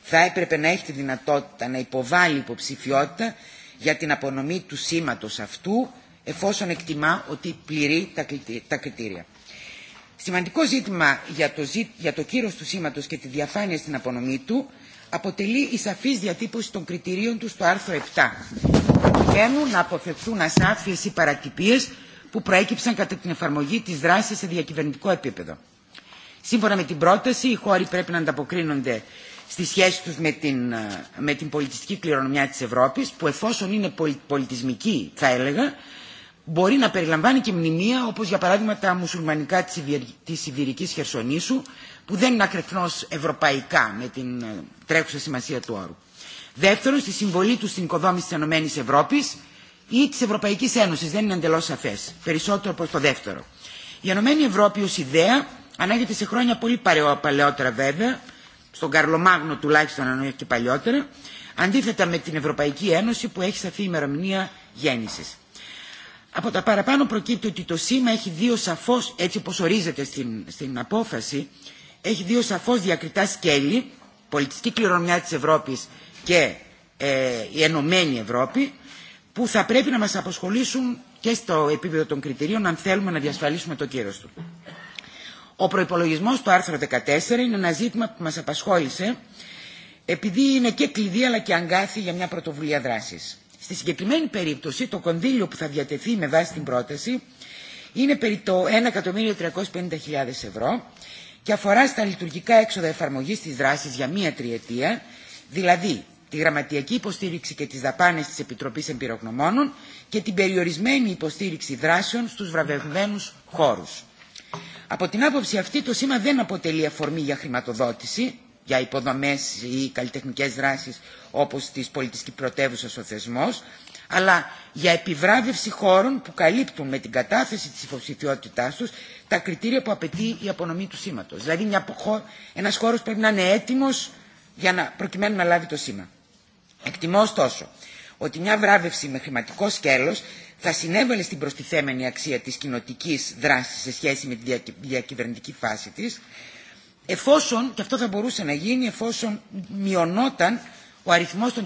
θα έπρεπε να έχει τη δυνατότητα να υποβάλει υποψηφιότητα για την απονομή του σήματος αυτού, εφόσον εκτιμά ότι πληρεί τα κριτήρια. Σημαντικό ζήτημα για το, για κύρος του σήματος και τη διαφάνεια στην απονομή του αποτελεί η σαφής διατύπωση των κριτηρίων του στο άρθρο 7, προκειμένου να αποφευθούν ασάφειες ή παρατυπίες που προέκυψαν κατά την εφαρμογή της δράσης σε διακυβερνητικό επίπεδο. Σύμφωνα με την πρόταση, οι χώροι πρέπει να ανταποκρίνονται στη σχέση τους με την, ε, με την πολιτιστική κληρονομιά της Ευρώπης που εφόσον είναι πολιτισμική θα έλεγα μπορεί να περιλαμβάνει και μνημεία όπως για παράδειγμα τα μουσουλμανικά της Ιβηρικής Χερσονήσου που δεν είναι ακριβώς ευρωπαϊκά με την ε, τρέχουσα σημασία του όρου. Δεύτερον, στη συμβολή του στην οικοδόμηση της Ενωμένης ΕΕ Ευρώπης ή της Ευρωπαϊκής Ένωσης, δεν είναι εντελώς σαφές, περισσότερο προς το δεύτερο. Η Ενωμένη ΕΕ Ευρώπη ως ιδέα ανάγεται σε χρόνια πολύ παλαιότερα βέβαια, στον Καρλομάγνο τουλάχιστον αν όχι και παλιότερα, αντίθετα με την Ευρωπαϊκή Ένωση που έχει σαφή ημερομηνία γέννηση. Από τα παραπάνω προκύπτει ότι το σήμα έχει δύο σαφώς, έτσι όπως ορίζεται στην, στην απόφαση, έχει δύο σαφώς διακριτά σκέλη, πολιτιστική κληρονομιά της Ευρώπης και ε, η Ενωμένη Ευρώπη, που θα πρέπει να μας αποσχολήσουν και στο επίπεδο των κριτηρίων αν θέλουμε να διασφαλίσουμε το κύρος του. Ο προπολογισμό του άρθρου 14 είναι ένα ζήτημα που μα απασχόλησε, επειδή είναι και κλειδί αλλά και αγκάθι για μια πρωτοβουλία δράση. Στη συγκεκριμένη περίπτωση, το κονδύλιο που θα διατεθεί με βάση την πρόταση είναι περί το 1.350.000 ευρώ και αφορά στα λειτουργικά έξοδα εφαρμογή τη δράση για μία τριετία, δηλαδή τη γραμματιακή υποστήριξη και τις δαπάνες της Επιτροπής Εμπειρογνωμόνων και την περιορισμένη υποστήριξη δράσεων στους βραβευμένους χώρου. Από την άποψη αυτή το σήμα δεν αποτελεί αφορμή για χρηματοδότηση, για υποδομές ή καλλιτεχνικές δράσεις όπως της πολιτιστική πρωτεύουσα ο θεσμός, αλλά για επιβράβευση χώρων που καλύπτουν με την κατάθεση της υποψηφιότητά τους τα κριτήρια που απαιτεί η απονομή του σήματος. Δηλαδή ένα ένας χώρος πρέπει να είναι έτοιμος για να, προκειμένου να λάβει το σήμα. Εκτιμώ ωστόσο ότι μια βράβευση με χρηματικό σκέλος θα συνέβαλε στην προστιθέμενη αξία της κοινοτική δράσης σε σχέση με τη διακυβερνητική φάση της, εφόσον, και αυτό θα μπορούσε να γίνει εφόσον μειωνόταν ο αριθμός των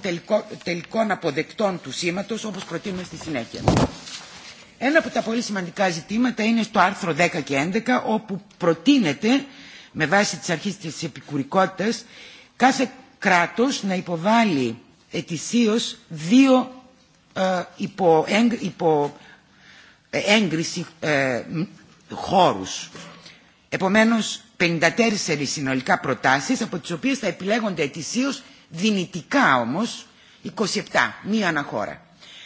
τελικών αποδεκτών του σήματος, όπως προτείνουμε στη συνέχεια. Ένα από τα πολύ σημαντικά ζητήματα είναι στο άρθρο 10 και 11, όπου προτείνεται, με βάση τις αρχές της επικουρικότητας, κάθε κράτος να υποβάλει ετησίως δύο υπό, ε, υπό ε, έγκριση ε, χώρους. Επομένως, 54 συνολικά προτάσεις, από τις οποίες θα επιλέγονται ετησίως δυνητικά όμως 27, μία αναχώρα.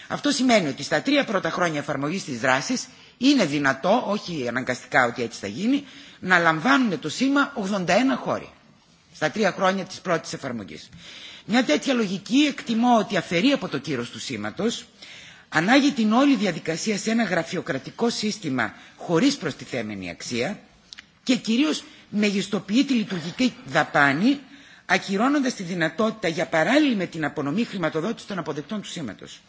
Αυτό σημαίνει ότι στα τρία πρώτα χρόνια εφαρμογής της δράσης είναι δυνατό, όχι αναγκαστικά ότι έτσι θα γίνει, να λαμβάνουν το σήμα 81 χώροι στα τρία χρόνια της πρώτης εφαρμογής. Μια τέτοια λογική εκτιμώ ότι αφαιρεί από το κύρος του σήματος, ανάγει την όλη διαδικασία σε ένα γραφειοκρατικό σύστημα χωρίς προστιθέμενη αξία και κυρίως μεγιστοποιεί τη λειτουργική δαπάνη, ακυρώνοντας τη δυνατότητα για παράλληλη με την απονομή χρηματοδότηση των αποδεκτών του σήματος.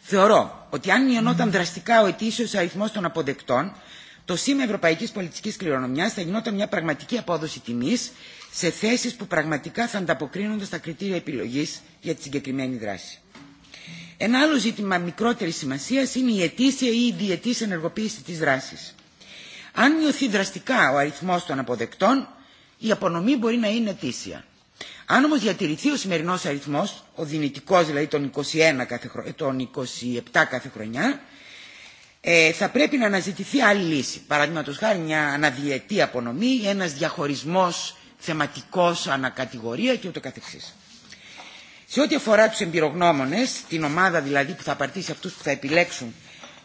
Θεωρώ ότι αν μειωνόταν δραστικά ο ετήσιο αριθμό των αποδεκτών, το σήμα Ευρωπαϊκή Πολιτική Κληρονομιά θα γινόταν μια πραγματική απόδοση τιμή σε θέσεις που πραγματικά θα ανταποκρίνονται στα κριτήρια επιλογής για τη συγκεκριμένη δράση. Ένα άλλο ζήτημα μικρότερης σημασίας είναι η αιτήσια ή η διετής ενεργοποίηση της δράσης. Αν μειωθεί δραστικά ο αριθμός των αποδεκτών, η απονομή μπορεί να είναι αιτήσια. Αν όμως διατηρηθεί ο σημερινός αριθμός, ο δυνητικός δηλαδή των 21 κάθε χρο... των 27 κάθε χρονιά, ε, θα πρέπει να αναζητηθεί άλλη λύση. Παραδείγματος χάρη μια αναδιετή απονομή ένα ένας θεματικός ανακατηγορία και ούτω καθεξής. Σε ό,τι αφορά τους εμπειρογνώμονες, την ομάδα δηλαδή που θα απαρτήσει αυτούς που θα επιλέξουν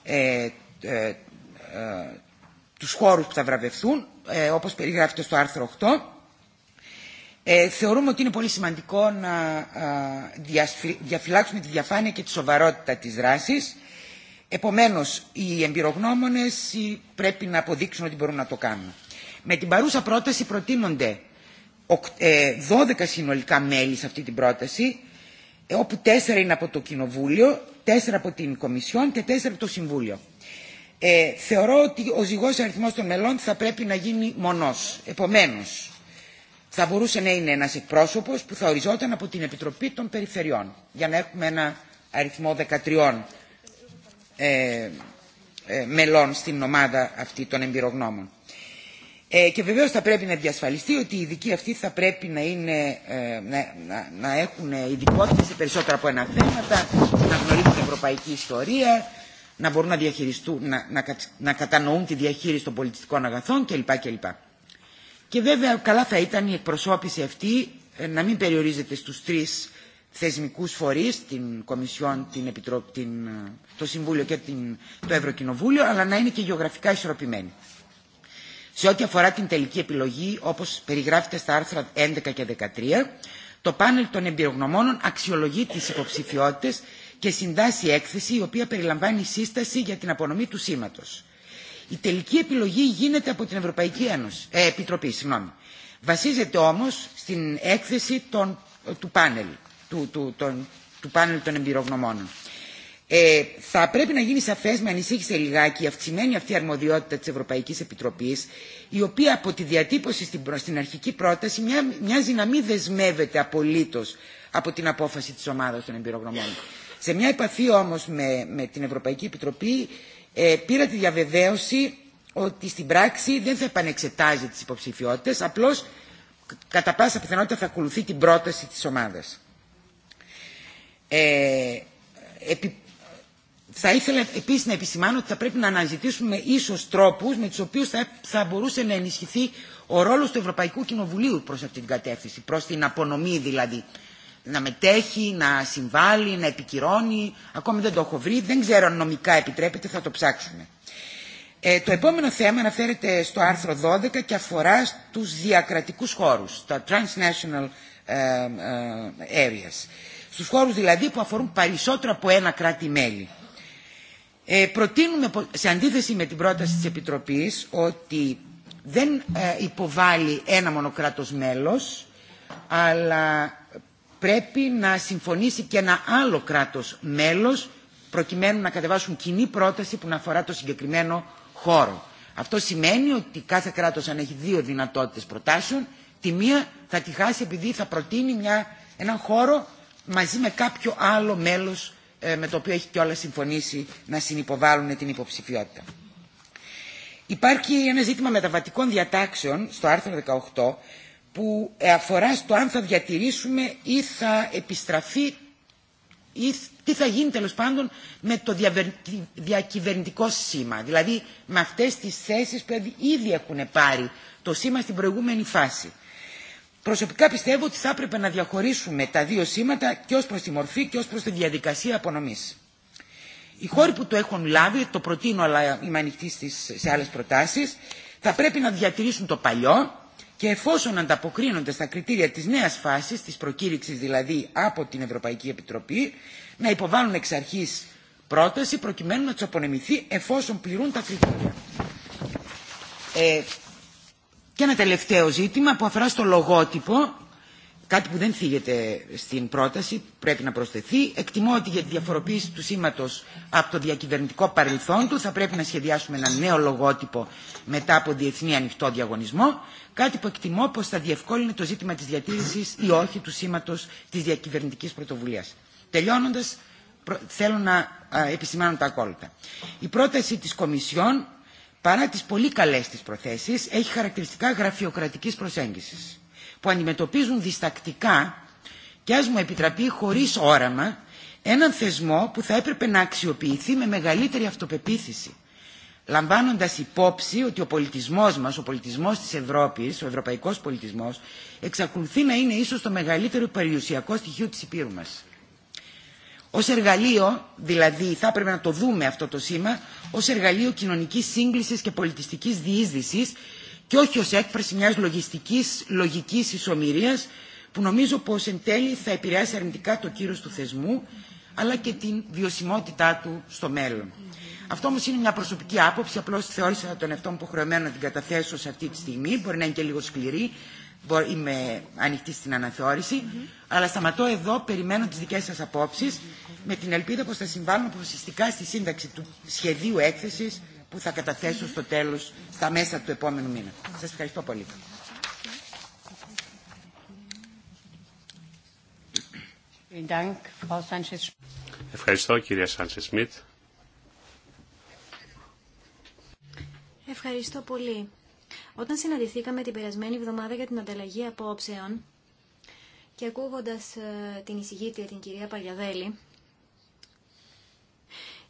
ε, ε, ε, τους χώρους που θα βραβευθούν, ε, όπως περιγράφεται στο άρθρο 8, ε, θεωρούμε ότι είναι πολύ σημαντικό να ε, διαφυλάξουμε τη διαφάνεια και τη σοβαρότητα της δράσης. Επομένως, οι εμπειρογνώμονες πρέπει να αποδείξουν ότι μπορούν να το κάνουν. Με την παρούσα πρόταση προτείνονται 12 ε, συνολικά μέλη σε αυτή την πρόταση, ε, όπου 4 είναι από το Κοινοβούλιο, 4 από την Κομισιόν και 4 από το Συμβούλιο. Ε, θεωρώ ότι ο ζυγός αριθμός των μελών θα πρέπει να γίνει μονός. Επομένως, θα μπορούσε να είναι ένας εκπρόσωπος που θα οριζόταν από την Επιτροπή των Περιφερειών, για να έχουμε ένα αριθμό 13 ε, ε, μελών στην ομάδα αυτή των εμπειρογνώμων. Ε, και βεβαίως θα πρέπει να διασφαλιστεί ότι οι ειδικοί αυτοί θα πρέπει να, είναι, ε, να, να έχουν ειδικότητα σε περισσότερα από ένα θέματα, να γνωρίζουν την ευρωπαϊκή ιστορία, να μπορούν να, διαχειριστούν, να, να, να κατανοούν τη διαχείριση των πολιτιστικών αγαθών κλπ. Και βέβαια καλά θα ήταν η εκπροσώπηση αυτή ε, να μην περιορίζεται στους τρεις θεσμικούς φορείς, την Κομισιόν, την την, το Συμβούλιο και την, το Ευρωκοινοβούλιο, αλλά να είναι και γεωγραφικά ισορροπημένη. Σε ό,τι αφορά την τελική επιλογή, όπως περιγράφεται στα άρθρα 11 και 13, το πάνελ των εμπειρογνωμόνων αξιολογεί τις υποψηφιότητες και συντάσσει έκθεση η οποία περιλαμβάνει σύσταση για την απονομή του σήματος. Η τελική επιλογή γίνεται από την Ευρωπαϊκή Ένωση, ε, Επιτροπή. Βασίζεται όμως στην έκθεση του πάνελ, του, του, του πάνελ των εμπειρογνωμόνων. Ε, θα πρέπει να γίνει σαφέ, με ανησύχησε λιγάκι, η αυξημένη αυτή αρμοδιότητα τη Ευρωπαϊκή Επιτροπή, η οποία από τη διατύπωση στην, στην αρχική πρόταση μια, μοιάζει να μην δεσμεύεται απολύτω από την απόφαση τη ομάδα των εμπειρογνωμών. Σε μια επαφή όμω με, με την Ευρωπαϊκή Επιτροπή, ε, πήρα τη διαβεβαίωση ότι στην πράξη δεν θα επανεξετάζει τι υποψηφιότητε, απλώ κατά πάσα πιθανότητα θα ακολουθεί την πρόταση τη ομάδα. Ε, θα ήθελα επίση να επισημάνω ότι θα πρέπει να αναζητήσουμε ίσω τρόπου με του οποίου θα, μπορούσε να ενισχυθεί ο ρόλο του Ευρωπαϊκού Κοινοβουλίου προ αυτή την κατεύθυνση, προ την απονομή δηλαδή. Να μετέχει, να συμβάλλει, να επικυρώνει. Ακόμη δεν το έχω βρει, δεν ξέρω αν νομικά επιτρέπεται, θα το ψάξουμε. Ε, το επόμενο θέμα αναφέρεται στο άρθρο 12 και αφορά στου διακρατικού χώρου, τα transnational ε, ε, areas. στου χώρου δηλαδή που αφορούν περισσότερο από ένα κράτη-μέλη. Ε, προτείνουμε σε αντίθεση με την πρόταση της Επιτροπής ότι δεν ε, υποβάλλει ένα μονοκράτος μέλος αλλά πρέπει να συμφωνήσει και ένα άλλο κράτος μέλος προκειμένου να κατεβάσουν κοινή πρόταση που να αφορά το συγκεκριμένο χώρο. Αυτό σημαίνει ότι κάθε κράτος αν έχει δύο δυνατότητες προτάσεων τη μία θα τη χάσει επειδή θα προτείνει μια, έναν χώρο μαζί με κάποιο άλλο μέλος ε, με το οποίο έχει κιόλα συμφωνήσει να συνυποβάλλουν την υποψηφιότητα. Υπάρχει ένα ζήτημα μεταβατικών διατάξεων στο άρθρο 18 που ε, αφορά στο αν θα διατηρήσουμε ή θα επιστραφεί ή τι θα γίνει τέλος πάντων με το διακυβερνητικό σήμα. Δηλαδή με αυτές τις θέσεις που ήδη έχουν πάρει το σήμα στην προηγούμενη φάση. Προσωπικά πιστεύω ότι θα έπρεπε να διαχωρίσουμε τα δύο σήματα και ως προς τη μορφή και ως προς τη διαδικασία απονομής. Οι χώροι που το έχουν λάβει, το προτείνω αλλά είμαι ανοιχτή σε άλλες προτάσεις, θα πρέπει να διατηρήσουν το παλιό και εφόσον ανταποκρίνονται στα κριτήρια της νέας φάσης, της προκήρυξης δηλαδή από την Ευρωπαϊκή Επιτροπή, να υποβάλουν εξ αρχής πρόταση προκειμένου να του απονεμηθεί εφόσον πληρούν τα κριτήρια. Ε, και ένα τελευταίο ζήτημα που αφορά στο λογότυπο, κάτι που δεν θίγεται στην πρόταση, πρέπει να προσθεθεί. Εκτιμώ ότι για τη διαφοροποίηση του σήματο από το διακυβερνητικό παρελθόν του θα πρέπει να σχεδιάσουμε ένα νέο λογότυπο μετά από διεθνή ανοιχτό διαγωνισμό, κάτι που εκτιμώ πως θα διευκόλυνε το ζήτημα τη διατήρηση ή όχι του σήματο τη διακυβερνητική πρωτοβουλία. Τελειώνοντα, θέλω να επισημάνω τα ακόλουτα. Η πρόταση της Κομισιόν παρά τις πολύ καλές της προθέσεις, έχει χαρακτηριστικά γραφειοκρατικής προσέγγισης, που αντιμετωπίζουν διστακτικά και ας μου επιτραπεί χωρίς όραμα έναν θεσμό που θα έπρεπε να αξιοποιηθεί με μεγαλύτερη αυτοπεποίθηση, λαμβάνοντας υπόψη ότι ο πολιτισμός μας, ο πολιτισμός της Ευρώπης, ο ευρωπαϊκός πολιτισμός, εξακολουθεί να είναι ίσως το μεγαλύτερο περιουσιακό στοιχείο της Υπήρου μας ως εργαλείο, δηλαδή θα έπρεπε να το δούμε αυτό το σήμα, ως εργαλείο κοινωνικής σύγκλησης και πολιτιστικής διείσδυσης και όχι ως έκφραση μιας λογιστικής, λογικής ισομοιρίας που νομίζω πως εν τέλει θα επηρεάσει αρνητικά το κύρος του θεσμού αλλά και την βιωσιμότητά του στο μέλλον. Αυτό όμω είναι μια προσωπική άποψη. Απλώ θεώρησα τον εαυτό μου υποχρεωμένο να την καταθέσω σε αυτή τη στιγμή. Μπορεί να είναι και λίγο σκληρή, είμαι ανοιχτή στην αναθεώρηση, αλλά σταματώ εδώ, περιμένω τις δικές σας απόψεις, με την ελπίδα πως θα συμβάλλουν προσυστικά στη σύνταξη του σχεδίου έκθεσης που θα καταθέσω στο τέλος, στα μέσα του επόμενου μήνα. Σας ευχαριστώ πολύ. Ευχαριστώ κυρία Σάντσε Σμιτ. Ευχαριστώ πολύ. Όταν συναντηθήκαμε την περασμένη εβδομάδα για την ανταλλαγή απόψεων και ακούγοντας ε, την εισηγήτρια την κυρία Παγιαδέλη,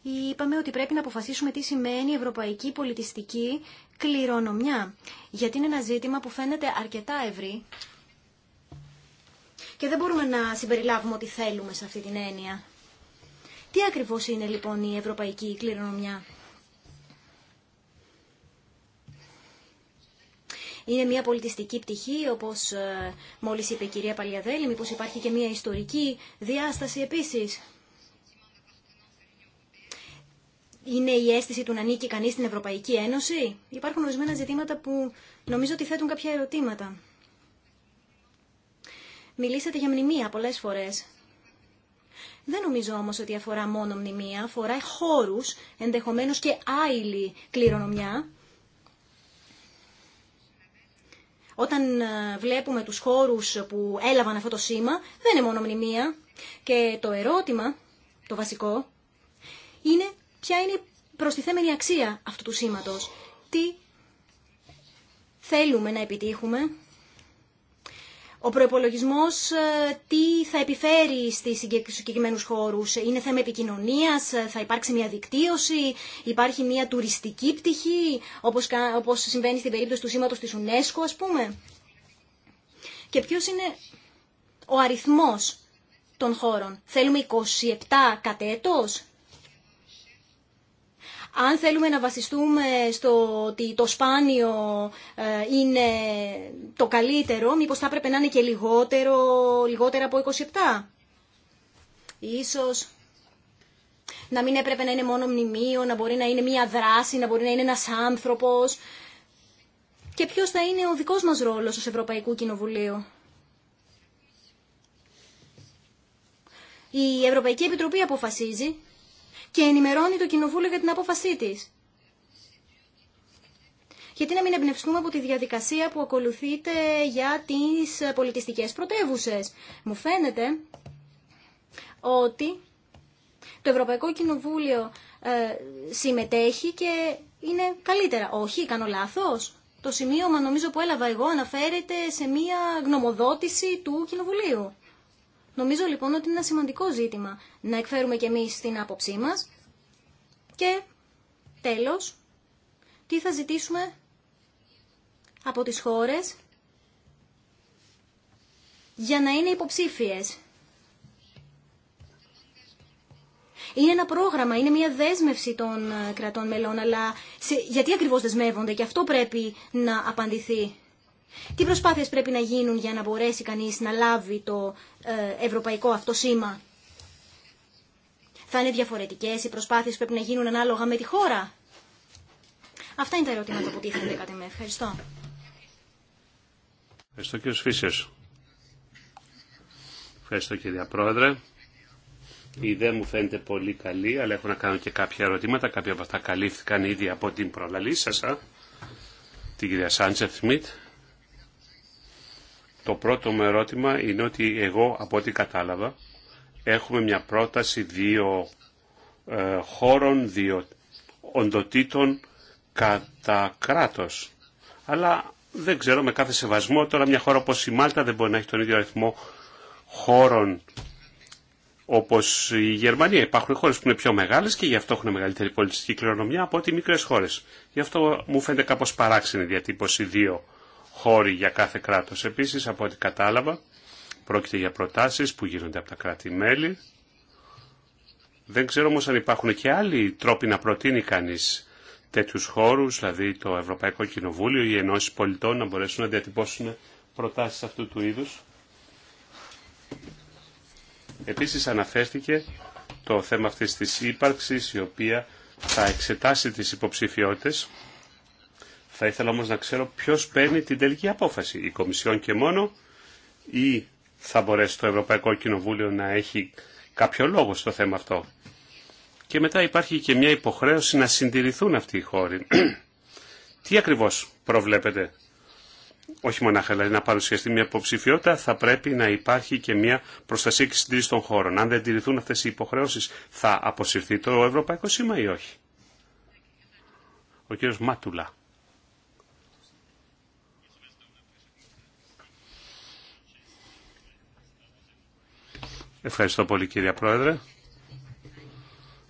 είπαμε ότι πρέπει να αποφασίσουμε τι σημαίνει ευρωπαϊκή πολιτιστική κληρονομιά. Γιατί είναι ένα ζήτημα που φαίνεται αρκετά ευρύ και δεν μπορούμε να συμπεριλάβουμε ό,τι θέλουμε σε αυτή την έννοια. Τι ακριβώς είναι λοιπόν η ευρωπαϊκή κληρονομιά. Είναι μια πολιτιστική πτυχή, όπως ε, μόλις είπε η κυρία Παλιαδέλη, μήπω υπάρχει και μια ιστορική διάσταση επίσης. Είναι η αίσθηση του να ανήκει κανεί στην Ευρωπαϊκή Ένωση. Υπάρχουν ορισμένα ζητήματα που νομίζω ότι θέτουν κάποια ερωτήματα. Μιλήσατε για μνημεία πολλέ φορές. Δεν νομίζω όμως ότι αφορά μόνο μνημεία, αφορά χώρου ενδεχομένω και άειλη κληρονομιά. Όταν ε, βλέπουμε τους χώρους που έλαβαν αυτό το σήμα, δεν είναι μόνο μνημεία. Και το ερώτημα, το βασικό, είναι ποια είναι η προστιθέμενη αξία αυτού του σήματος. Τι θέλουμε να επιτύχουμε ο προπολογισμό ε, τι θα επιφέρει στις συγκεκριμένους χώρους. Είναι θέμα επικοινωνία, ε, θα υπάρξει μια δικτύωση, υπάρχει μια τουριστική πτυχή, όπως, συμβαίνει στην περίπτωση του σήματος της UNESCO ας πούμε. Και ποιο είναι ο αριθμός των χώρων. Θέλουμε 27 κατέτος αν θέλουμε να βασιστούμε στο ότι το σπάνιο ε, είναι το καλύτερο, μήπως θα έπρεπε να είναι και λιγότερο, λιγότερα από 27. Ίσως να μην έπρεπε να είναι μόνο μνημείο, να μπορεί να είναι μία δράση, να μπορεί να είναι ένας άνθρωπος. Και ποιος θα είναι ο δικός μας ρόλος ως Ευρωπαϊκού Κοινοβουλίου. Η Ευρωπαϊκή Επιτροπή αποφασίζει και ενημερώνει το Κοινοβούλιο για την απόφασή τη. Γιατί να μην εμπνευστούμε από τη διαδικασία που ακολουθείται για τις πολιτιστικές πρωτεύουσες. Μου φαίνεται ότι το Ευρωπαϊκό Κοινοβούλιο ε, συμμετέχει και είναι καλύτερα. Όχι, κάνω λάθος. Το σημείωμα νομίζω που έλαβα εγώ αναφέρεται σε μία γνωμοδότηση του Κοινοβουλίου. Νομίζω λοιπόν ότι είναι ένα σημαντικό ζήτημα να εκφέρουμε κι εμείς την άποψή μας. Και τέλος, τι θα ζητήσουμε από τις χώρες για να είναι υποψήφιες. Είναι ένα πρόγραμμα, είναι μια δέσμευση των ε, κρατών μελών, αλλά γιατί ακριβώς δεσμεύονται και αυτό πρέπει να απαντηθεί. Τι προσπάθειες πρέπει να γίνουν για να μπορέσει κανείς να λάβει το ε, ευρωπαϊκό αυτό σήμα. Θα είναι διαφορετικές οι προσπάθειες που πρέπει να γίνουν ανάλογα με τη χώρα. Αυτά είναι τα ερωτήματα που τίθενται κατά με. Ευχαριστώ. Ευχαριστώ κύριε φυσιος. Ευχαριστώ κύριε Πρόεδρε. Η ιδέα μου φαίνεται πολύ καλή, αλλά έχω να κάνω και κάποια ερωτήματα. Κάποια από αυτά καλύφθηκαν ήδη από την προλαλή σας, την κυρία Σάντσεφ Σμιτ. Το πρώτο μου ερώτημα είναι ότι εγώ από ό,τι κατάλαβα έχουμε μια πρόταση δύο ε, χώρων, δύο οντοτήτων κατά κράτος. Αλλά δεν ξέρω με κάθε σεβασμό τώρα μια χώρα όπως η Μάλτα δεν μπορεί να έχει τον ίδιο αριθμό χώρων όπως η Γερμανία. Υπάρχουν χώρες που είναι πιο μεγάλες και γι' αυτό έχουν μεγαλύτερη πολιτιστική κληρονομιά από ό,τι μικρές χώρες. Γι' αυτό μου φαίνεται κάπως παράξενη διατύπωση δύο χώροι για κάθε κράτος. Επίσης, από ό,τι κατάλαβα, πρόκειται για προτάσεις που γίνονται από τα κράτη-μέλη. Δεν ξέρω όμως αν υπάρχουν και άλλοι τρόποι να προτείνει κανείς τέτοιους χώρους, δηλαδή το Ευρωπαϊκό Κοινοβούλιο ή οι ενώσεις πολιτών να μπορέσουν να διατυπώσουν προτάσεις αυτού του είδους. Επίσης αναφέρθηκε το θέμα αυτής της ύπαρξης η οποία θα εξετάσει τις υποψηφιότητες θα ήθελα όμως να ξέρω ποιος παίρνει την τελική απόφαση, η Κομισιόν και μόνο ή θα μπορέσει το Ευρωπαϊκό Κοινοβούλιο να έχει κάποιο λόγο στο θέμα αυτό. Και μετά υπάρχει και μια υποχρέωση να συντηρηθούν αυτοί οι χώροι. Τι ακριβώς προβλέπετε. Όχι μονάχα, δηλαδή να παρουσιαστεί μια υποψηφιότητα, θα πρέπει να υπάρχει και μια προστασία και συντήρηση των χώρων. Αν δεν τηρηθούν αυτές οι υποχρεώσεις, θα αποσυρθεί το Ευρωπαϊκό Σήμα ή όχι. Ο κύριος Μάτουλα. Ευχαριστώ πολύ κύριε Πρόεδρε.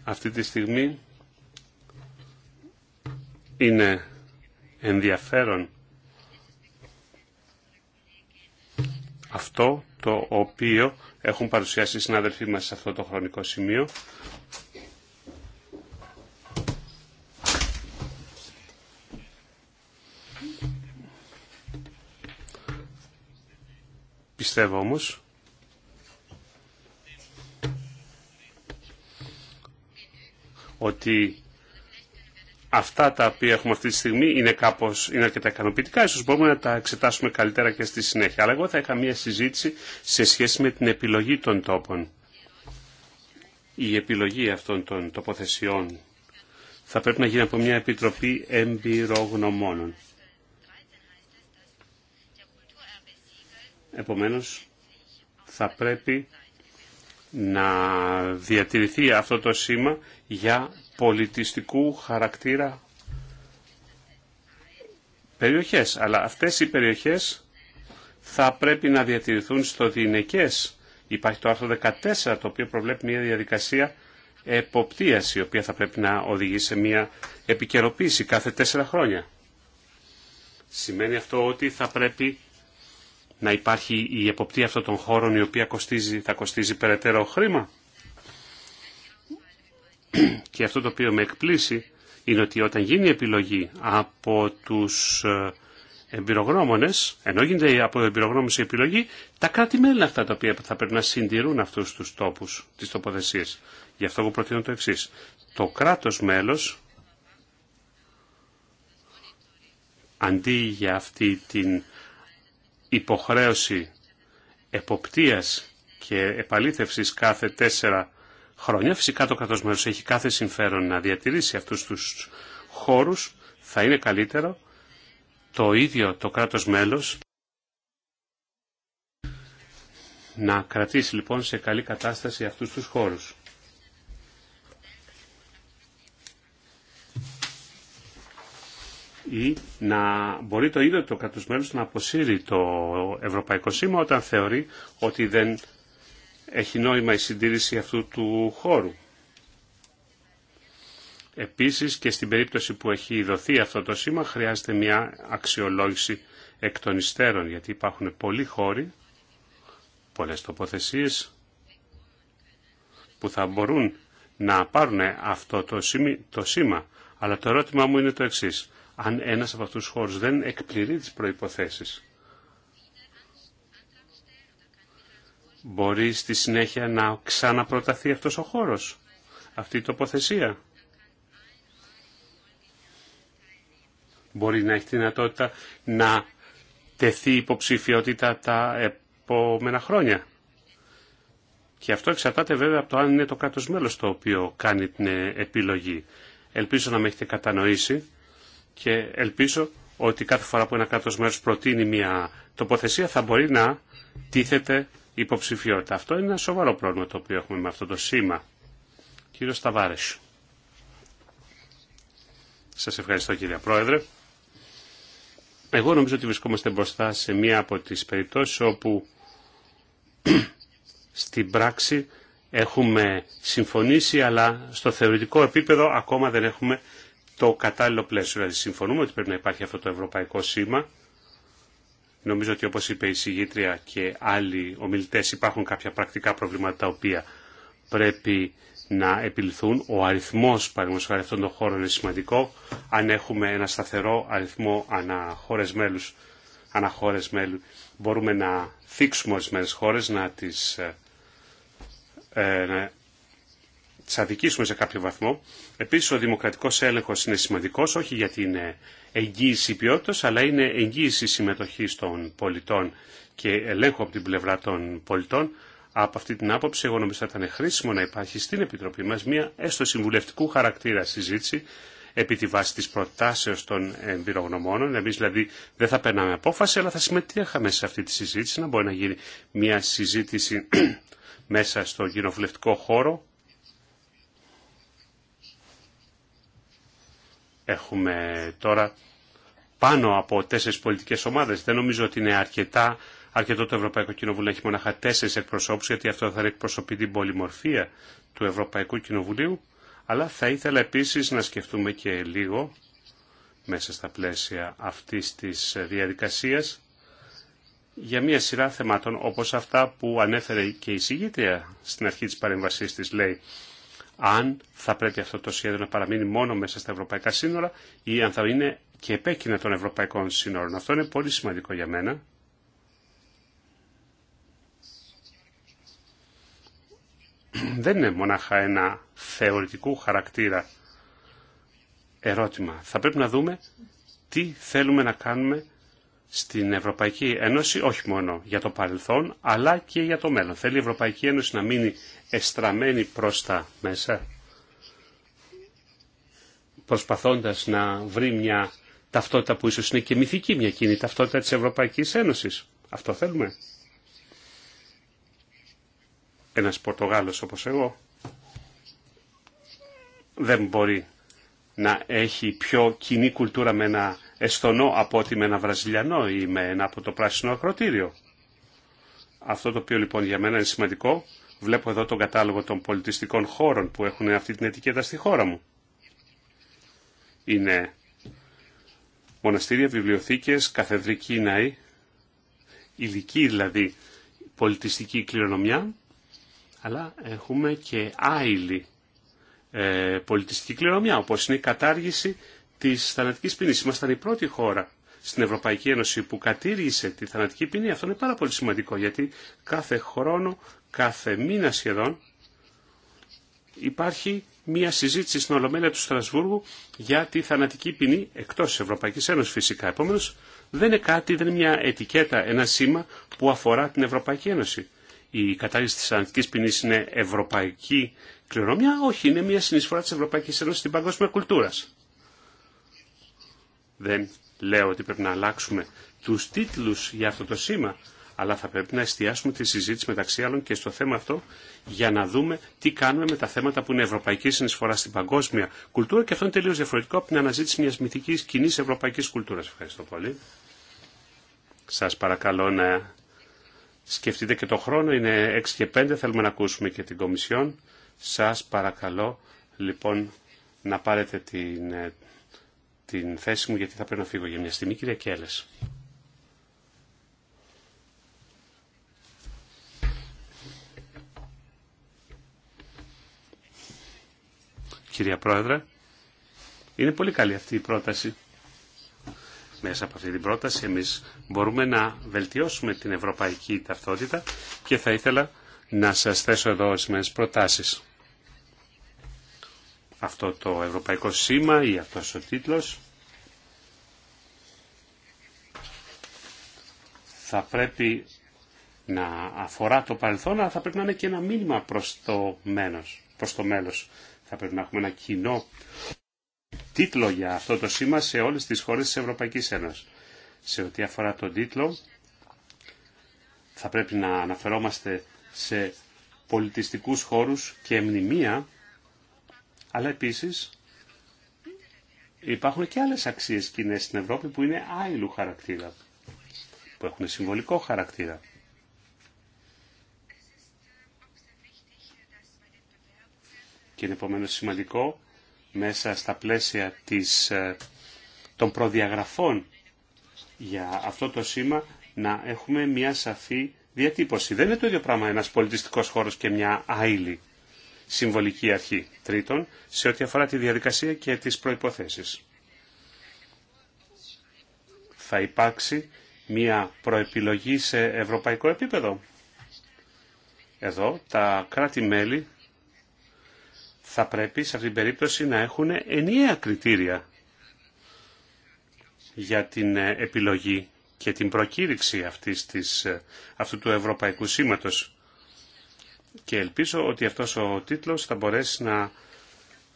Αυτή τη στιγμή είναι ενδιαφέρον αυτό το οποίο έχουν παρουσιάσει οι συνάδελφοί μας σε αυτό το χρονικό σημείο. Πιστεύω όμως ότι αυτά τα οποία έχουμε αυτή τη στιγμή είναι, κάπως, είναι αρκετά ικανοποιητικά. Ίσως μπορούμε να τα εξετάσουμε καλύτερα και στη συνέχεια. Αλλά εγώ θα είχα μια συζήτηση σε σχέση με την επιλογή των τόπων. Η επιλογή αυτών των τοποθεσιών θα πρέπει να γίνει από μια επιτροπή εμπειρογνωμόνων. Επομένως, θα πρέπει να διατηρηθεί αυτό το σήμα για πολιτιστικού χαρακτήρα περιοχές. Αλλά αυτές οι περιοχές θα πρέπει να διατηρηθούν στο διηνεκές. Υπάρχει το άρθρο 14 το οποίο προβλέπει μια διαδικασία εποπτείας η οποία θα πρέπει να οδηγεί σε μια επικαιροποίηση κάθε τέσσερα χρόνια. Σημαίνει αυτό ότι θα πρέπει να υπάρχει η εποπτεία αυτών των χώρων η οποία κοστίζει, θα κοστίζει περαιτέρω χρήμα. Και αυτό το οποίο με εκπλήσει είναι ότι όταν γίνει η επιλογή από τους ε, εμπειρογνώμονες, ενώ γίνεται από εμπειρογνώμους η επιλογή, τα κράτη-μέλη αυτά τα οποία θα πρέπει να συντηρούν αυτούς τους τόπους, τις τοποθεσίες. Γι' αυτό εγώ προτείνω το εξής. Το κράτος μέλος, αντί για αυτή την υποχρέωση εποπτείας και επαλήθευσης κάθε τέσσερα χρόνια. Φυσικά το κρατός μέλος έχει κάθε συμφέρον να διατηρήσει αυτούς τους χώρους. Θα είναι καλύτερο το ίδιο το κράτος μέλος να κρατήσει λοιπόν σε καλή κατάσταση αυτούς τους χώρους. ή να μπορεί το ίδιο το κράτος μέλος να αποσύρει το ευρωπαϊκό σήμα όταν θεωρεί ότι δεν έχει νόημα η συντήρηση αυτού του χώρου. Επίσης και στην περίπτωση που έχει δοθεί αυτό το σήμα χρειάζεται μια αξιολόγηση εκ των υστέρων γιατί υπάρχουν πολλοί χώροι, πολλές τοποθεσίες που θα μπορούν να πάρουν αυτό το σήμα. Αλλά το ερώτημά μου είναι το εξής αν ένας από αυτούς τους χώρους δεν εκπληρεί τις προϋποθέσεις. Μπορεί στη συνέχεια να ξαναπροταθεί αυτός ο χώρος, αυτή η τοποθεσία. Μπορεί να έχει τη δυνατότητα να τεθεί υποψηφιότητα τα επόμενα χρόνια. Και αυτό εξαρτάται βέβαια από το αν είναι το κράτος μέλος το οποίο κάνει την επιλογή. Ελπίζω να με έχετε κατανοήσει και ελπίζω ότι κάθε φορά που ένα κράτος μέρος προτείνει μια τοποθεσία θα μπορεί να τίθεται υποψηφιότητα. Αυτό είναι ένα σοβαρό πρόβλημα το οποίο έχουμε με αυτό το σήμα. Κύριο Σταβάρες. Σας ευχαριστώ κύριε Πρόεδρε. Εγώ νομίζω ότι βρισκόμαστε μπροστά σε μία από τις περιπτώσεις όπου στην πράξη έχουμε συμφωνήσει αλλά στο θεωρητικό επίπεδο ακόμα δεν έχουμε το κατάλληλο πλαίσιο. Δηλαδή συμφωνούμε ότι πρέπει να υπάρχει αυτό το ευρωπαϊκό σήμα. Νομίζω ότι όπως είπε η συγγήτρια και άλλοι ομιλητές υπάρχουν κάποια πρακτικά προβλήματα τα οποία πρέπει να επιληθούν. Ο αριθμός παραδείγματος αυτών των χώρων είναι σημαντικό. Αν έχουμε ένα σταθερό αριθμό αναχώρες μέλους, μέλου, μπορούμε να θίξουμε ορισμένε χώρες, να τις ε, ε, τι αδικήσουμε σε κάποιο βαθμό. Επίση, ο δημοκρατικό έλεγχο είναι σημαντικό, όχι γιατί είναι εγγύηση ποιότητα, αλλά είναι εγγύηση συμμετοχή των πολιτών και ελέγχου από την πλευρά των πολιτών. Από αυτή την άποψη, εγώ νομίζω θα ήταν χρήσιμο να υπάρχει στην Επιτροπή μα μια έστω συμβουλευτικού χαρακτήρα συζήτηση επί τη βάση της προτάσεως των εμπειρογνωμόνων. Εμείς δηλαδή δεν θα περνάμε απόφαση, αλλά θα συμμετείχαμε σε αυτή τη συζήτηση, να μπορεί να γίνει μια συζήτηση μέσα στο κοινοβουλευτικό χώρο Έχουμε τώρα πάνω από τέσσερις πολιτικές ομάδες. Δεν νομίζω ότι είναι αρκετά, αρκετό το Ευρωπαϊκό Κοινοβούλιο έχει μόνο τέσσερις εκπροσώπους, γιατί αυτό θα εκπροσωπεί την πολυμορφία του Ευρωπαϊκού Κοινοβουλίου. Αλλά θα ήθελα επίσης να σκεφτούμε και λίγο μέσα στα πλαίσια αυτής της διαδικασίας για μια σειρά θεμάτων όπως αυτά που ανέφερε και η συγγήτρια στην αρχή της παρεμβασής της λέει αν θα πρέπει αυτό το σχέδιο να παραμείνει μόνο μέσα στα ευρωπαϊκά σύνορα ή αν θα είναι και επέκεινα των ευρωπαϊκών σύνορων. Αυτό είναι πολύ σημαντικό για μένα. Δεν είναι μονάχα ένα θεωρητικού χαρακτήρα ερώτημα. Θα πρέπει να δούμε τι θέλουμε να κάνουμε στην Ευρωπαϊκή Ένωση όχι μόνο για το παρελθόν αλλά και για το μέλλον. Θέλει η Ευρωπαϊκή Ένωση να μείνει εστραμμένη προς τα μέσα προσπαθώντας να βρει μια ταυτότητα που ίσως είναι και μυθική μια κοινή ταυτότητα της Ευρωπαϊκής Ένωσης. Αυτό θέλουμε. Ένας Πορτογάλος όπως εγώ δεν μπορεί να έχει πιο κοινή κουλτούρα με ένα Εστονό από ότι με ένα Βραζιλιανό ή με ένα από το πράσινο ακροτήριο. Αυτό το οποίο λοιπόν για μένα είναι σημαντικό, βλέπω εδώ τον κατάλογο των πολιτιστικών χώρων που έχουν αυτή την ετικέτα στη χώρα μου. Είναι μοναστήρια, βιβλιοθήκες, καθεδρικοί ναοί, ηλική δηλαδή πολιτιστική κληρονομιά, αλλά έχουμε και άειλη ε, πολιτιστική κληρονομιά, όπως είναι η με ενα απο το πρασινο ακροτηριο αυτο το οποιο λοιπον για μενα ειναι σημαντικο βλεπω εδω τον καταλογο των πολιτιστικων χωρων που εχουν αυτη την ετικετα στη χωρα μου ειναι μοναστηρια βιβλιοθηκες καθεδρικοι ναοι ειδικη δηλαδη πολιτιστικη κληρονομια αλλα εχουμε και αειλη πολιτιστικη κληρονομια οπως ειναι η καταργηση τη θανατική ποινή. Ήμασταν η πρώτη χώρα στην Ευρωπαϊκή Ένωση που κατήργησε τη θανατική ποινή. Αυτό είναι πάρα πολύ σημαντικό γιατί κάθε χρόνο, κάθε μήνα σχεδόν υπάρχει μία συζήτηση στην Ολομέλεια του Στρασβούργου για τη θανατική ποινή εκτό τη Ευρωπαϊκή Ένωση φυσικά. επόμενο, δεν είναι κάτι, δεν είναι μια ετικέτα, ένα σήμα που αφορά την Ευρωπαϊκή Ένωση. Η κατάργηση τη θανατική ποινή είναι ευρωπαϊκή κληρονομιά, όχι, είναι μια συνεισφορά τη Ευρωπαϊκή Ένωση στην παγκόσμια κουλτούρα. Δεν λέω ότι πρέπει να αλλάξουμε τους τίτλους για αυτό το σήμα, αλλά θα πρέπει να εστιάσουμε τη συζήτηση μεταξύ άλλων και στο θέμα αυτό για να δούμε τι κάνουμε με τα θέματα που είναι ευρωπαϊκή συνεισφορά στην παγκόσμια κουλτούρα και αυτό είναι τελείως διαφορετικό από την αναζήτηση μια μυθικής κοινή ευρωπαϊκή κουλτούρα. Ευχαριστώ πολύ. Σα παρακαλώ να σκεφτείτε και το χρόνο. Είναι 6 και 5. Θέλουμε να ακούσουμε και την Κομισιόν. Σας παρακαλώ λοιπόν να πάρετε την ε, την θέση μου γιατί θα πρέπει να φύγω για μια στιγμή. Κυρία Κέλλες. Κυρία Πρόεδρε, είναι πολύ καλή αυτή η πρόταση. Μέσα από αυτή την πρόταση εμείς μπορούμε να βελτιώσουμε την ευρωπαϊκή ταυτότητα και θα ήθελα να σας θέσω εδώ ορισμένες προτάσεις αυτό το ευρωπαϊκό σήμα ή αυτός ο τίτλος. Θα πρέπει να αφορά το παρελθόν, αλλά θα πρέπει να είναι και ένα μήνυμα προς το, μένος, προς το μέλος. Θα πρέπει να έχουμε ένα κοινό τίτλο για αυτό το σήμα σε όλες τις χώρες της Ευρωπαϊκής Ένωσης. Σε ό,τι αφορά τον τίτλο, θα πρέπει να αναφερόμαστε σε πολιτιστικούς χώρους και μνημεία αλλά επίσης υπάρχουν και άλλες αξίες κοινέ στην Ευρώπη που είναι άειλου χαρακτήρα, που έχουν συμβολικό χαρακτήρα. Και είναι επομένως σημαντικό μέσα στα πλαίσια της, ε, των προδιαγραφών για αυτό το σήμα να έχουμε μια σαφή διατύπωση. Δεν είναι το ίδιο πράγμα ένας πολιτιστικός χώρος και μια άειλη συμβολική αρχή. Τρίτον, σε ό,τι αφορά τη διαδικασία και τις προϋποθέσεις. Θα υπάρξει μια προεπιλογή σε ευρωπαϊκό επίπεδο. Εδώ τα κράτη-μέλη θα πρέπει σε αυτήν την περίπτωση να έχουν ενιαία κριτήρια για την επιλογή και την προκήρυξη αυτής της, αυτού του Ευρωπαϊκού Σήματος και ελπίζω ότι αυτός ο τίτλος θα μπορέσει να,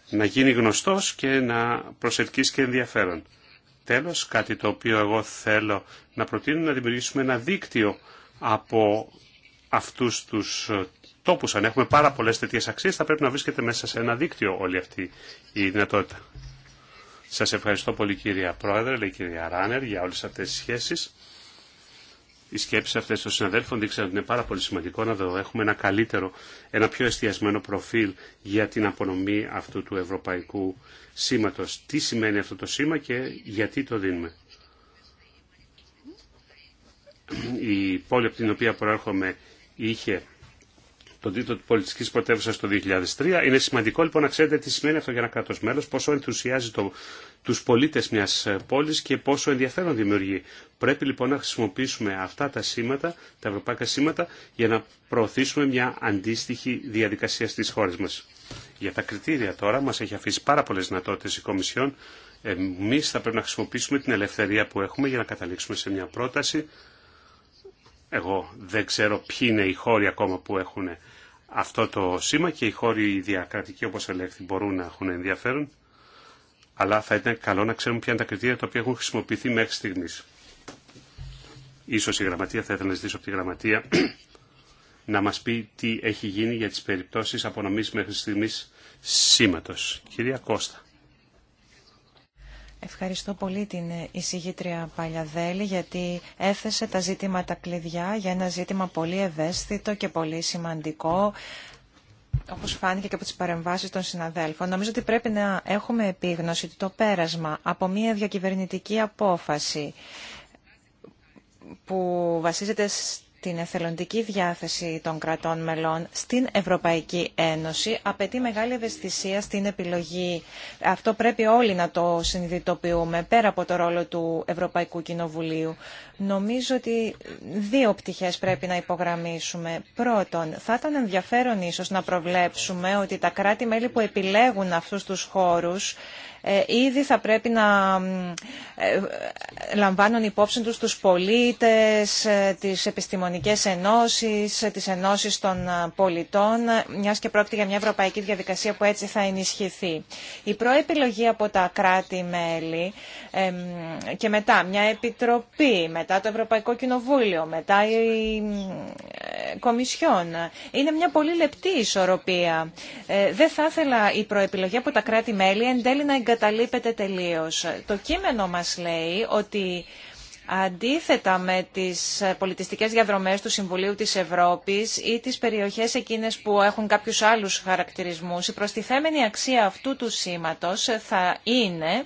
να γίνει γνωστός και να προσελκύσει και ενδιαφέρον. Τέλος, κάτι το οποίο εγώ θέλω να προτείνω να δημιουργήσουμε ένα δίκτυο από αυτούς τους τόπους. Αν έχουμε πάρα πολλές τέτοιες αξίες θα πρέπει να βρίσκεται μέσα σε ένα δίκτυο όλη αυτή η δυνατότητα. Σας ευχαριστώ πολύ κυρία Πρόεδρε, λέει κυρία Ράνερ για όλες αυτές τις σχέσεις οι σκέψει αυτέ των συναδέλφων δείξαν ότι είναι πάρα πολύ σημαντικό να δω. έχουμε ένα καλύτερο, ένα πιο εστιασμένο προφίλ για την απονομή αυτού του ευρωπαϊκού σήματο. Τι σημαίνει αυτό το σήμα και γιατί το δίνουμε. Η πόλη από την οποία προέρχομαι είχε τον τίτλο του πολιτιστικής Πρωτεύουσα το 2003. Είναι σημαντικό λοιπόν να ξέρετε τι σημαίνει αυτό για ένα κράτο μέλο, πόσο ενθουσιάζει το, τους πολίτες μιας ε, πόλης και πόσο ενδιαφέρον δημιουργεί. Πρέπει λοιπόν να χρησιμοποιήσουμε αυτά τα σήματα, τα ευρωπαϊκά σήματα, για να προωθήσουμε μια αντίστοιχη διαδικασία στι χώρε μα. Για τα κριτήρια τώρα μα έχει αφήσει πάρα πολλέ δυνατότητε η Κομισιόν. Εμεί θα πρέπει να χρησιμοποιήσουμε την ελευθερία που έχουμε για να καταλήξουμε σε μια πρόταση εγώ δεν ξέρω ποιοι είναι οι χώροι ακόμα που έχουν αυτό το σήμα και οι χώροι διακρατικοί όπως ελέγχθη μπορούν να έχουν ενδιαφέρον, αλλά θα ήταν καλό να ξέρουμε ποια είναι τα κριτήρια τα οποία έχουν χρησιμοποιηθεί μέχρι στιγμής. Ίσως η γραμματεία, θα ήθελα να ζητήσω από τη γραμματεία να μας πει τι έχει γίνει για τις περιπτώσεις απονομής μέχρι στιγμής σήματος. Κυρία Κώστα. Ευχαριστώ πολύ την εισηγήτρια Παλιαδέλη γιατί έθεσε τα ζήτηματα κλειδιά για ένα ζήτημα πολύ ευαίσθητο και πολύ σημαντικό όπως φάνηκε και από τις παρεμβάσεις των συναδέλφων. Νομίζω ότι πρέπει να έχουμε επίγνωση ότι το πέρασμα από μια διακυβερνητική απόφαση που βασίζεται την εθελοντική διάθεση των κρατών μελών στην Ευρωπαϊκή Ένωση απαιτεί μεγάλη ευαισθησία στην επιλογή. Αυτό πρέπει όλοι να το συνειδητοποιούμε πέρα από το ρόλο του Ευρωπαϊκού Κοινοβουλίου. Νομίζω ότι δύο πτυχές πρέπει να υπογραμμίσουμε. Πρώτον, θα ήταν ενδιαφέρον ίσως να προβλέψουμε ότι τα κράτη-μέλη που επιλέγουν αυτούς τους χώρους ε, ήδη θα πρέπει να ε, λαμβάνουν υπόψη τους τους πολίτες, ε, τις επιστημονικές ενώσεις, τις ενώσεις των πολιτών, μιας και πρόκειται για μια ευρωπαϊκή διαδικασία που έτσι θα ενισχυθεί. Η προεπιλογή από τα κράτη-μέλη και μετά μια επιτροπή, μετά το Ευρωπαϊκό Κοινοβούλιο, μετά η ε, Κομισιόν. Είναι μια πολύ λεπτή ισορροπία. Ε, δεν θα ήθελα η προεπιλογή από τα κράτη-μέλη εν τέλει να εγκαταλείπεται τελείως. Το κείμενο μας λέει ότι αντίθετα με τις πολιτιστικές διαδρομές του Συμβουλίου της Ευρώπης ή τις περιοχές εκείνες που έχουν κάποιους άλλους χαρακτηρισμούς, η προστιθέμενη αξία αυτού του σήματος θα είναι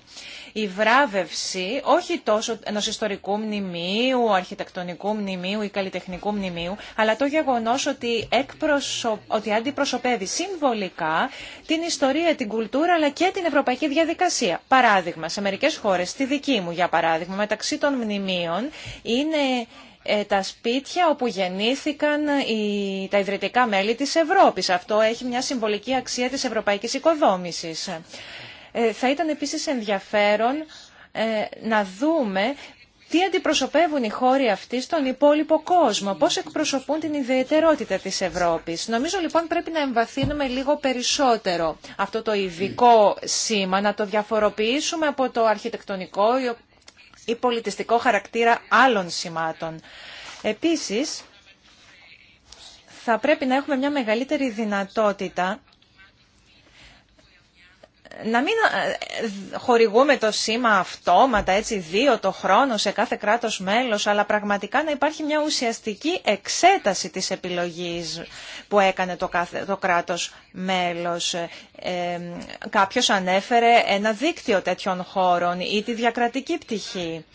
η βράβευση όχι τόσο ενό ιστορικού μνημείου, αρχιτεκτονικού μνημείου ή καλλιτεχνικού μνημείου, αλλά το γεγονό ότι, εκπροσω... ότι αντιπροσωπεύει συμβολικά την ιστορία, την κουλτούρα αλλά και την ευρωπαϊκή διαδικασία. Παράδειγμα, σε μερικέ χώρε, στη δική μου για παράδειγμα, μεταξύ των μνημείων είναι ε, τα σπίτια όπου γεννήθηκαν ε, οι, τα ιδρυτικά μέλη της Ευρώπης. Αυτό έχει μια συμβολική αξία της ευρωπαϊκής οικοδόμησης. Ε, θα ήταν επίσης ενδιαφέρον ε, να δούμε τι αντιπροσωπεύουν οι χώροι αυτοί στον υπόλοιπο κόσμο, πώς εκπροσωπούν την ιδιαιτερότητα της Ευρώπης. Νομίζω λοιπόν πρέπει να εμβαθύνουμε λίγο περισσότερο αυτό το ειδικό σήμα, να το διαφοροποιήσουμε από το αρχιτεκτονικό ή πολιτιστικό χαρακτήρα άλλων σημάτων. Επίσης, θα πρέπει να έχουμε μια μεγαλύτερη δυνατότητα να μην ε, ε, χορηγούμε το σήμα αυτόματα, έτσι δύο το χρόνο σε κάθε κράτος μέλος, αλλά πραγματικά να υπάρχει μια ουσιαστική εξέταση της επιλογής που έκανε το, κάθε, το κράτος μέλος. Ε, κάποιος ανέφερε ένα δίκτυο τέτοιων χώρων ή τη διακρατική πτυχή.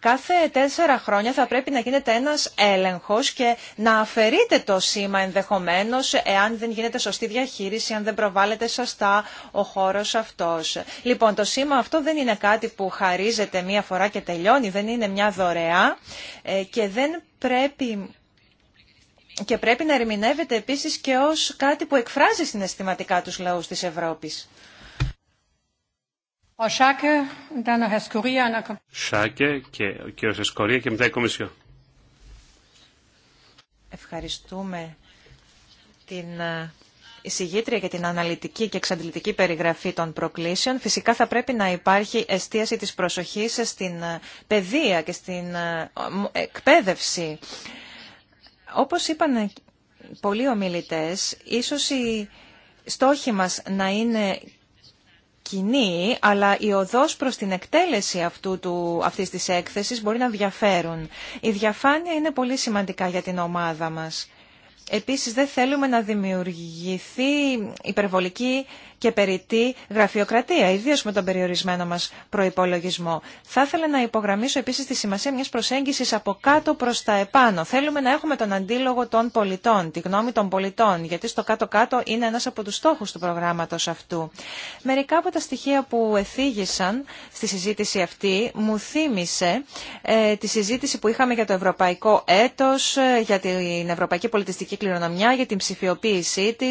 Κάθε τέσσερα χρόνια θα πρέπει να γίνεται ένας έλεγχος και να αφαιρείται το σήμα ενδεχομένως εάν δεν γίνεται σωστή διαχείριση, αν δεν προβάλλεται σωστά ο χώρος αυτός. Λοιπόν, το σήμα αυτό δεν είναι κάτι που χαρίζεται μία φορά και τελειώνει, δεν είναι μια δωρεά ε, και δεν πρέπει και πρέπει να ερμηνεύεται επίσης και ως κάτι που εκφράζει συναισθηματικά τους λαούς της Ευρώπης. Σάκε και ο κύριος και μετά η Ευχαριστούμε την ε, εισηγήτρια για την αναλυτική και εξαντλητική περιγραφή των προκλήσεων. Φυσικά θα πρέπει να υπάρχει εστίαση της προσοχής στην ε, παιδεία και στην ε, εκπαίδευση. Όπως είπαν πολλοί ομιλητές, ίσως η στόχοι μας να είναι κοινή, αλλά η οδός προς την εκτέλεση αυτού του, αυτής της έκθεσης μπορεί να διαφέρουν. Η διαφάνεια είναι πολύ σημαντικά για την ομάδα μας. Επίσης δεν θέλουμε να δημιουργηθεί υπερβολική και τι γραφειοκρατία, ιδίω με τον περιορισμένο μα προπολογισμό. Θα ήθελα να υπογραμμίσω επίση τη σημασία μια προσέγγιση από κάτω προ τα επάνω. Θέλουμε να έχουμε τον αντίλογο των πολιτών, τη γνώμη των πολιτών, γιατί στο κάτω-κάτω είναι ένα από του στόχου του προγράμματο αυτού. Μερικά από τα στοιχεία που εθίγησαν στη συζήτηση αυτή μου θύμισε ε, τη συζήτηση που είχαμε για το ευρωπαϊκό Έτο, ε, για την ευρωπαϊκή πολιτιστική κληρονομιά, για την ψηφιοποίησή τη.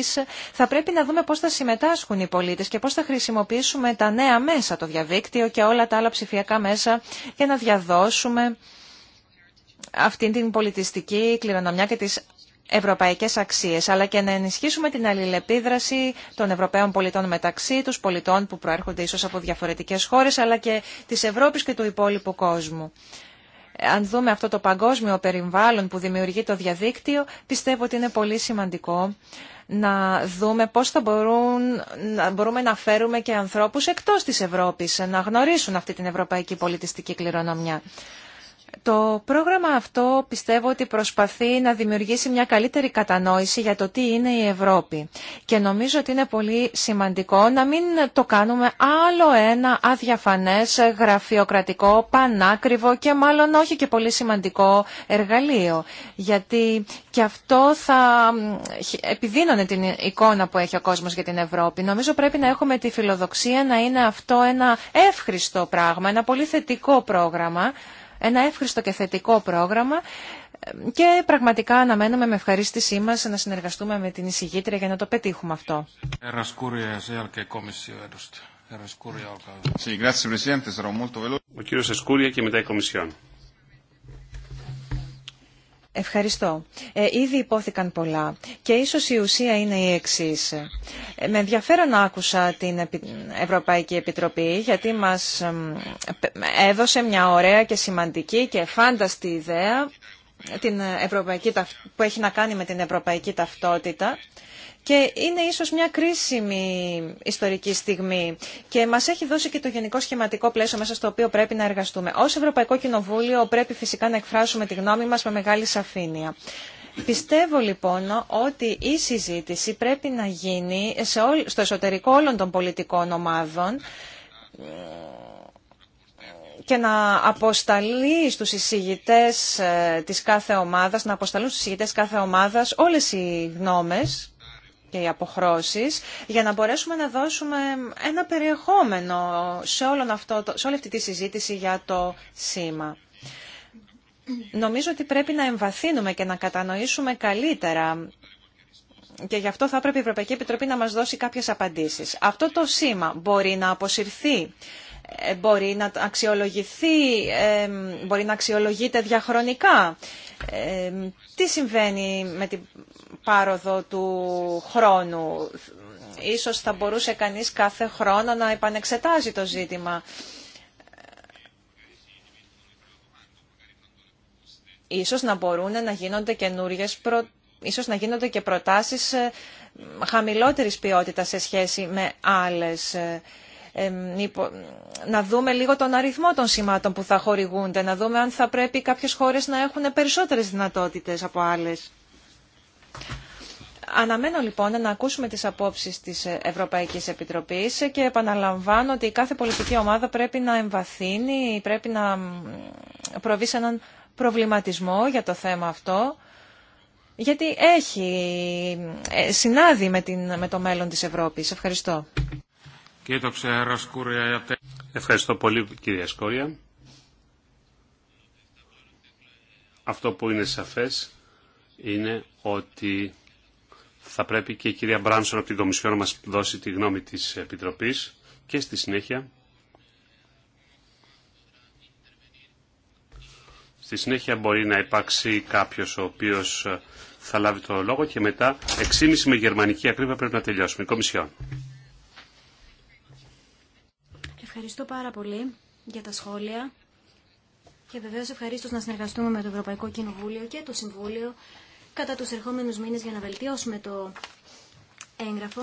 Θα πρέπει να δούμε πώ θα συμμετάσχουν οι πολίτε και πώ θα χρησιμοποιήσουμε τα νέα μέσα, το διαδίκτυο και όλα τα άλλα ψηφιακά μέσα για να διαδώσουμε αυτή την πολιτιστική κληρονομιά και τις ευρωπαϊκές αξίες, αλλά και να ενισχύσουμε την αλληλεπίδραση των Ευρωπαίων πολιτών μεταξύ τους, πολιτών που προέρχονται ίσως από διαφορετικές χώρες, αλλά και της Ευρώπης και του υπόλοιπου κόσμου αν δούμε αυτό το παγκόσμιο περιβάλλον που δημιουργεί το διαδίκτυο, πιστεύω ότι είναι πολύ σημαντικό να δούμε πώς θα μπορούν, μπορούμε να φέρουμε και ανθρώπους εκτός της Ευρώπης να γνωρίσουν αυτή την ευρωπαϊκή πολιτιστική κληρονομιά. Το πρόγραμμα αυτό πιστεύω ότι προσπαθεί να δημιουργήσει μια καλύτερη κατανόηση για το τι είναι η Ευρώπη. Και νομίζω ότι είναι πολύ σημαντικό να μην το κάνουμε άλλο ένα αδιαφανές, γραφειοκρατικό, πανάκριβο και μάλλον όχι και πολύ σημαντικό εργαλείο. Γιατί και αυτό θα επιδίνωνε την εικόνα που έχει ο κόσμος για την Ευρώπη. Νομίζω πρέπει να έχουμε τη φιλοδοξία να είναι αυτό ένα εύχριστο πράγμα, ένα πολύ θετικό πρόγραμμα ένα εύχριστο και θετικό πρόγραμμα και πραγματικά αναμένουμε με ευχαρίστησή μας να συνεργαστούμε με την εισηγήτρια για να το πετύχουμε αυτό. Ο κύριος Εσκούρια και μετά η Κομισιόν. Ευχαριστώ. Ε, ήδη υπόθηκαν πολλά και ίσως η ουσία είναι η εξής. Ε, με ενδιαφέρον άκουσα την Ευρωπαϊκή Επιτροπή γιατί μας έδωσε μια ωραία και σημαντική και φάνταστη ιδέα την ευρωπαϊκή, που έχει να κάνει με την ευρωπαϊκή ταυτότητα και είναι ίσως μια κρίσιμη ιστορική στιγμή και μας έχει δώσει και το γενικό σχηματικό πλαίσιο μέσα στο οποίο πρέπει να εργαστούμε. Ως Ευρωπαϊκό Κοινοβούλιο πρέπει φυσικά να εκφράσουμε τη γνώμη μας με μεγάλη σαφήνεια. Πιστεύω λοιπόν ότι η συζήτηση πρέπει να γίνει στο εσωτερικό όλων των πολιτικών ομάδων ε, και να αποσταλεί στους εισηγητές ε, της κάθε ομάδας, να αποσταλούν στους κάθε ομάδας όλες οι γνώμες και οι αποχρώσεις για να μπορέσουμε να δώσουμε ένα περιεχόμενο σε, όλον αυτό, σε όλη αυτή τη συζήτηση για το σήμα. Νομίζω ότι πρέπει να εμβαθύνουμε και να κατανοήσουμε καλύτερα και γι' αυτό θα πρέπει η Ευρωπαϊκή Επιτροπή να μας δώσει κάποιες απαντήσεις. Αυτό το σήμα μπορεί να αποσυρθεί, ε, μπορεί να αξιολογηθεί, ε, μπορεί να αξιολογείται διαχρονικά τι συμβαίνει με την πάροδο του χρόνου. Ίσως θα μπορούσε κανείς κάθε χρόνο να επανεξετάζει το ζήτημα. Ίσως να μπορούν να γίνονται Ίσως να γίνονται και προτάσεις ε, χαμηλότερης ποιότητας σε σχέση με άλλες ε, να δούμε λίγο τον αριθμό των σημάτων που θα χορηγούνται, να δούμε αν θα πρέπει κάποιες χώρες να έχουν περισσότερες δυνατότητες από άλλες. Αναμένω λοιπόν να ακούσουμε τις απόψεις της Ευρωπαϊκής Επιτροπής και επαναλαμβάνω ότι κάθε πολιτική ομάδα πρέπει να εμβαθύνει, πρέπει να προβεί σε έναν προβληματισμό για το θέμα αυτό, γιατί έχει ε, συνάδει με, την, με το μέλλον της Ευρώπης. Ευχαριστώ. Ευχαριστώ πολύ κυρία Σκόρια. Αυτό που είναι σαφές είναι ότι θα πρέπει και η κυρία Μπράνσον από την Κομισιόν να μας δώσει τη γνώμη της Επιτροπής και στη συνέχεια στη συνέχεια μπορεί να υπάρξει κάποιος ο οποίος ε, θα λάβει το λόγο και μετά 6,5 με γερμανική ακρίβεια πρέπει να τελειώσουμε. Η Κομισιόν. Ευχαριστώ πάρα πολύ για τα σχόλια και βεβαίω ευχαρίστω να συνεργαστούμε με το Ευρωπαϊκό Κοινοβούλιο και το Συμβούλιο κατά τους ερχόμενους μήνες για να βελτιώσουμε το έγγραφο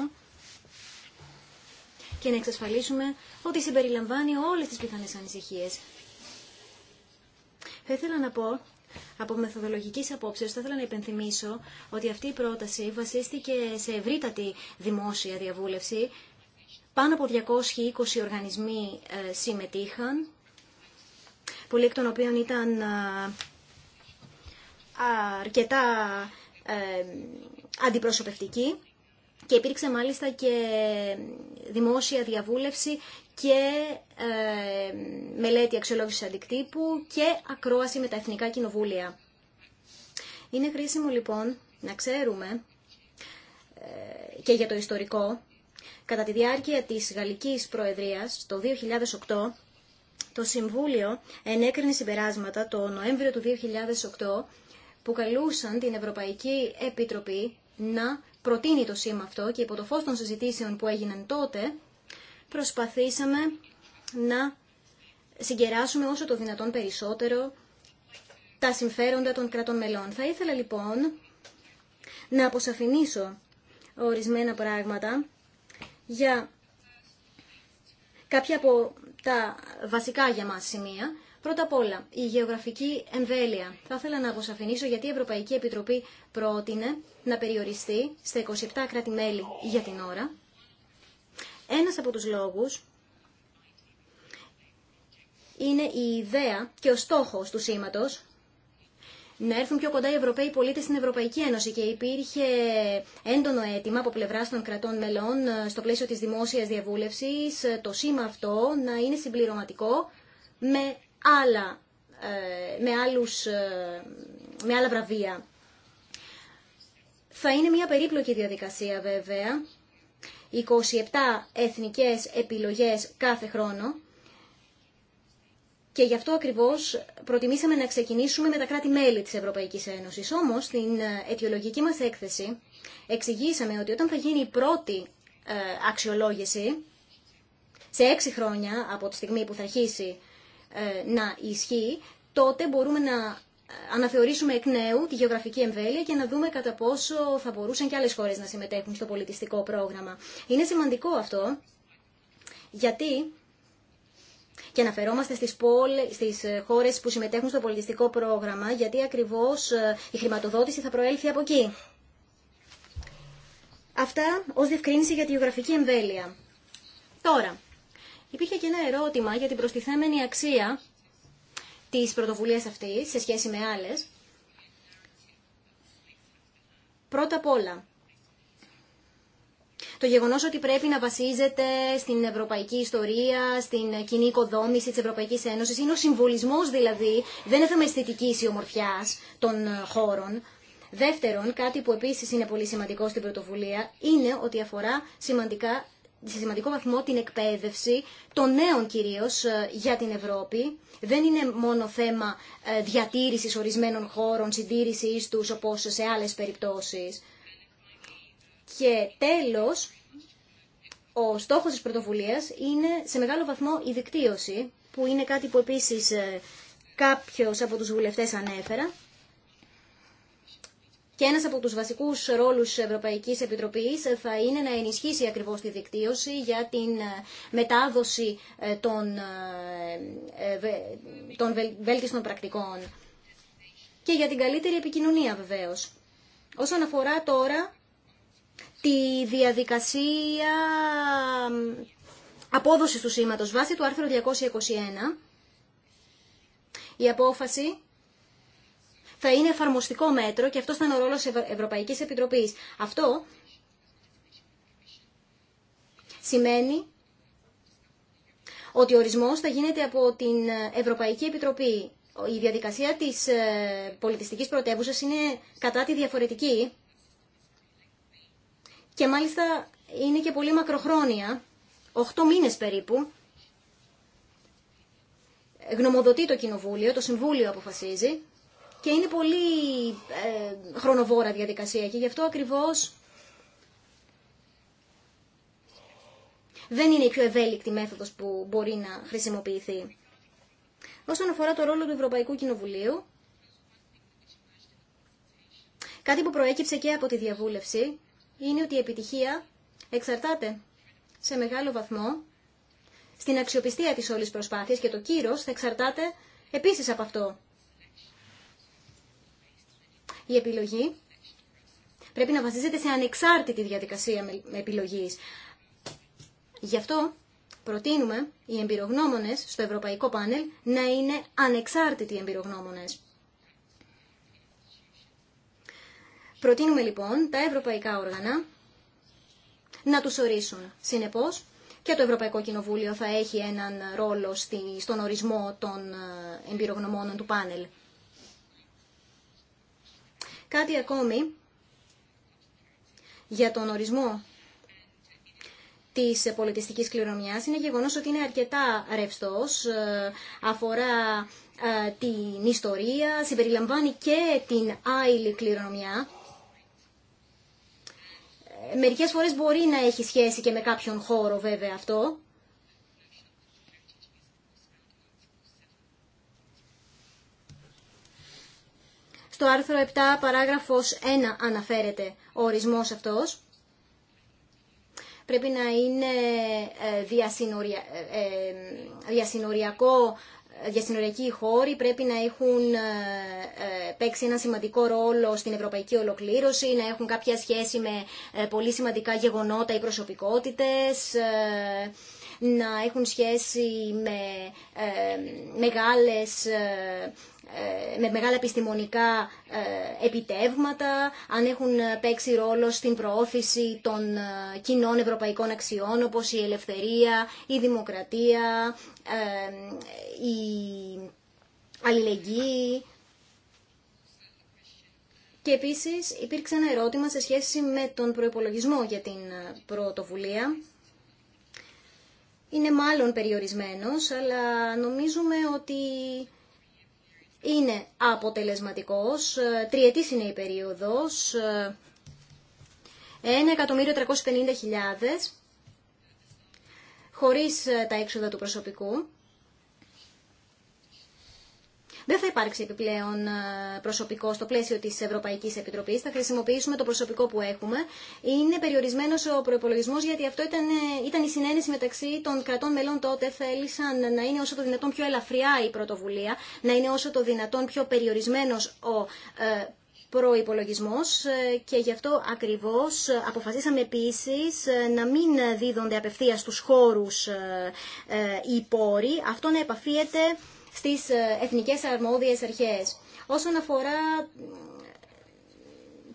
και να εξασφαλίσουμε ότι συμπεριλαμβάνει όλες τις πιθανές ανησυχίες. Θα ήθελα να πω, από μεθοδολογική απόψεως, θα ήθελα να υπενθυμίσω ότι αυτή η πρόταση βασίστηκε σε ευρύτατη δημόσια διαβούλευση πάνω από 220 οργανισμοί ε, συμμετείχαν, πολλοί εκ των οποίων ήταν ε, αρκετά ε, αντιπροσωπευτικοί και υπήρξε μάλιστα και δημόσια διαβούλευση και μελέτη αξιολόγηση αντικτύπου και ακρόαση με τα εθνικά κοινοβούλια. Είναι χρήσιμο λοιπόν να ξέρουμε και για το ιστορικό Κατά τη διάρκεια της Γαλλικής Προεδρίας το 2008, το Συμβούλιο ενέκρινε συμπεράσματα το Νοέμβριο του 2008 που καλούσαν την Ευρωπαϊκή Επιτροπή να προτείνει το σήμα αυτό και υπό το φως των συζητήσεων που έγιναν τότε προσπαθήσαμε να συγκεράσουμε όσο το δυνατόν περισσότερο τα συμφέροντα των κρατών μελών. Θα ήθελα λοιπόν να αποσαφηνίσω ορισμένα πράγματα για κάποια από τα βασικά για μας σημεία. Πρώτα απ' όλα, η γεωγραφική εμβέλεια. Θα ήθελα να αποσαφηνίσω γιατί η Ευρωπαϊκή Επιτροπή πρότεινε να περιοριστεί στα 27 κράτη-μέλη για την ώρα. Ένας από τους λόγους είναι η ιδέα και ο στόχος του σήματος να έρθουν πιο κοντά οι Ευρωπαίοι πολίτες στην Ευρωπαϊκή Ένωση και υπήρχε έντονο αίτημα από πλευρά των κρατών μελών ε, στο πλαίσιο της δημόσιας διαβούλευσης ε, το σήμα αυτό να είναι συμπληρωματικό με άλλα, ε, με άλλους, με άλλα βραβεία. Θα είναι μια περίπλοκη διαδικασία βέβαια, 27 εθνικές επιλογές κάθε χρόνο και γι' αυτό ακριβώς προτιμήσαμε να ξεκινήσουμε με τα κράτη-μέλη της Ευρωπαϊκής Ένωσης. Όμως, στην ε, αιτιολογική μας έκθεση εξηγήσαμε ότι όταν θα γίνει η πρώτη ε, αξιολόγηση, σε έξι χρόνια από τη στιγμή που θα αρχίσει ε, να ισχύει, τότε μπορούμε να αναθεωρήσουμε εκ νέου τη γεωγραφική εμβέλεια και να δούμε κατά πόσο θα μπορούσαν και άλλες χώρες να συμμετέχουν στο πολιτιστικό πρόγραμμα. Είναι σημαντικό αυτό, γιατί και αναφερόμαστε στις, πόλες, στις ε, χώρες που συμμετέχουν στο πολιτιστικό πρόγραμμα, γιατί ακριβώς ε, η χρηματοδότηση θα προέλθει από εκεί. Αυτά ως διευκρίνηση για τη γεωγραφική εμβέλεια. Τώρα, υπήρχε και ένα ερώτημα για την προστιθέμενη αξία της πρωτοβουλίας αυτής σε σχέση με άλλες. Πρώτα απ' όλα, το γεγονός ότι πρέπει να βασίζεται στην ευρωπαϊκή ιστορία, στην κοινή οικοδόμηση της Ευρωπαϊκής Ένωσης, είναι ο συμβολισμός δηλαδή, δεν είναι θέμα αισθητικής ή ομορφιάς των ε, χώρων. Δεύτερον, κάτι που επίσης είναι πολύ σημαντικό στην πρωτοβουλία, είναι ότι αφορά σημαντικά σε σημαντικό βαθμό την εκπαίδευση των νέων κυρίως ε, για την Ευρώπη. Δεν είναι μόνο θέμα ε, διατήρησης ορισμένων χώρων, συντήρησης τους όπως σε άλλες περιπτώσεις. Και τέλος, ο στόχος της πρωτοβουλίας είναι σε μεγάλο βαθμό η δικτύωση, που είναι κάτι που επίσης ε, κάποιος από τους βουλευτές ανέφερα. Και ένας από τους βασικούς ρόλους της Ευρωπαϊκής Επιτροπής ε, θα είναι να ενισχύσει ακριβώς τη δικτύωση για την ε, μετάδοση των, των βέλτιστων πρακτικών και για την καλύτερη επικοινωνία βεβαίως. Όσον αφορά τώρα τη διαδικασία απόδοσης του σήματος βάσει του άρθρου 221. Η απόφαση θα είναι εφαρμοστικό μέτρο και αυτό είναι ο ρόλος Ευρωπαϊκής Επιτροπής. Αυτό σημαίνει ότι ο ορισμός θα γίνεται από την Ευρωπαϊκή Επιτροπή. Η διαδικασία της ε, πολιτιστικής πρωτεύουσα είναι κατά τη διαφορετική και μάλιστα είναι και πολύ μακροχρόνια, 8 μήνες περίπου. Γνωμοδοτεί το Κοινοβούλιο, το Συμβούλιο αποφασίζει και είναι πολύ ε, χρονοβόρα διαδικασία και γι' αυτό ακριβώς δεν είναι η πιο ευέλικτη μέθοδος που μπορεί να χρησιμοποιηθεί. Όσον αφορά το ρόλο του Ευρωπαϊκού Κοινοβουλίου, κάτι που προέκυψε και από τη διαβούλευση, είναι ότι η επιτυχία εξαρτάται σε μεγάλο βαθμό στην αξιοπιστία της όλης προσπάθειας και το κύρος θα εξαρτάται επίσης από αυτό. Η επιλογή πρέπει να βασίζεται σε ανεξάρτητη διαδικασία επιλογής. Γι' αυτό προτείνουμε οι εμπειρογνώμονες στο Ευρωπαϊκό Πάνελ να είναι ανεξάρτητοι εμπειρογνώμονες. Προτείνουμε λοιπόν τα ευρωπαϊκά όργανα να τους ορίσουν. Συνεπώς, και το Ευρωπαϊκό Κοινοβούλιο θα έχει έναν ρόλο στον ορισμό των ε, εμπειρογνωμόνων του πάνελ. Κάτι ακόμη για τον ορισμό της πολιτιστικής κληρονομιάς είναι γεγονός ότι είναι αρκετά ρευστός, ε, αφορά ε, την ιστορία, συμπεριλαμβάνει και την άειλη κληρονομιά μερικές φορές μπορεί να έχει σχέση και με κάποιον χώρο βέβαια αυτό. Στο άρθρο 7 παράγραφος 1 αναφέρεται ο ορισμός αυτός. Πρέπει να είναι ε, ε, ε, διασυνοριακό διασυνοριακοί χώροι πρέπει να έχουν ε, ε, παίξει ένα σημαντικό ρόλο στην ευρωπαϊκή ολοκλήρωση, να έχουν κάποια σχέση με ε, πολύ σημαντικά γεγονότα ή προσωπικότητες, να έχουν σχέση με μεγάλες ε, με μεγάλα επιστημονικά ε, επιτεύγματα, αν έχουν ε, παίξει ρόλο στην προώθηση των κοινών ευρωπαϊκών αξιών όπως η ελευθερία, η δημοκρατία, η αλληλεγγύη. Και επίσης υπήρξε ένα ερώτημα σε σχέση με τον προϋπολογισμό για την πρωτοβουλία. Είναι μάλλον περιορισμένος, αλλά νομίζουμε ότι είναι αποτελεσματικός, ε, τριετής είναι η περίοδος, 1.350.000 ε, χωρίς ε, τα έξοδα του προσωπικού. Δεν θα υπάρξει επιπλέον ε, προσωπικό στο πλαίσιο τη Ευρωπαϊκή Επιτροπή. Θα χρησιμοποιήσουμε το προσωπικό που έχουμε. Είναι περιορισμένο ο προπολογισμό γιατί αυτό ήταν, ε, ήταν η συνένεση μεταξύ των κρατών μελών τότε. Θέλησαν να είναι όσο το δυνατόν πιο ελαφριά η πρωτοβουλία, να είναι όσο το δυνατόν πιο περιορισμένο ο ε, προϋπολογισμός ε, και γι' αυτό ακριβώς αποφασίσαμε επίσης να μην δίδονται απευθείας στους χώρους οι πόροι. Αυτό να επαφίεται στις ε, εθνικές αρμόδιες αρχές. Όσον αφορά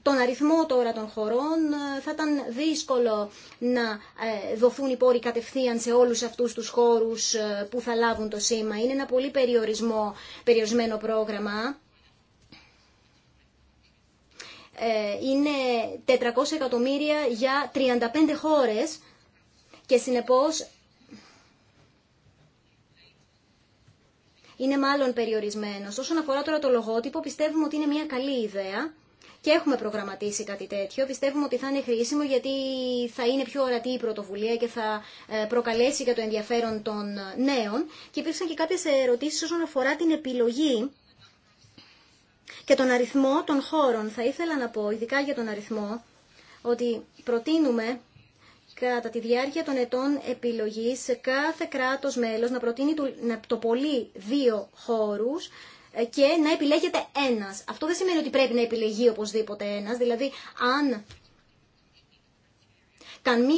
τον αριθμό τώρα των χωρών ε, θα ήταν δύσκολο να ε, δοθούν οι πόροι κατευθείαν σε όλους αυτούς τους χώρους που θα λάβουν το σήμα. Είναι ένα πολύ περιορισμό, περιορισμένο πρόγραμμα. Είναι 400 εκατομμύρια για 35 χώρες και συνεπώς είναι μάλλον περιορισμένο. Όσον αφορά τώρα το λογότυπο, πιστεύουμε ότι είναι μια καλή ιδέα και έχουμε προγραμματίσει κάτι τέτοιο. Πιστεύουμε ότι θα είναι χρήσιμο γιατί θα είναι πιο ορατή η πρωτοβουλία και θα ε, προκαλέσει και το ενδιαφέρον των ε, νέων. Και υπήρξαν και κάποιε ερωτήσεις όσον αφορά την επιλογή και τον αριθμό των χώρων. Θα ήθελα να πω, ειδικά για τον αριθμό, ότι προτείνουμε κατά τη διάρκεια των ετών επιλογής κάθε κράτος μέλος να προτείνει το πολύ δύο χώρους ε, και να επιλέγεται ένας. Αυτό δεν σημαίνει ότι πρέπει να επιλεγεί οπωσδήποτε ένας, δηλαδή αν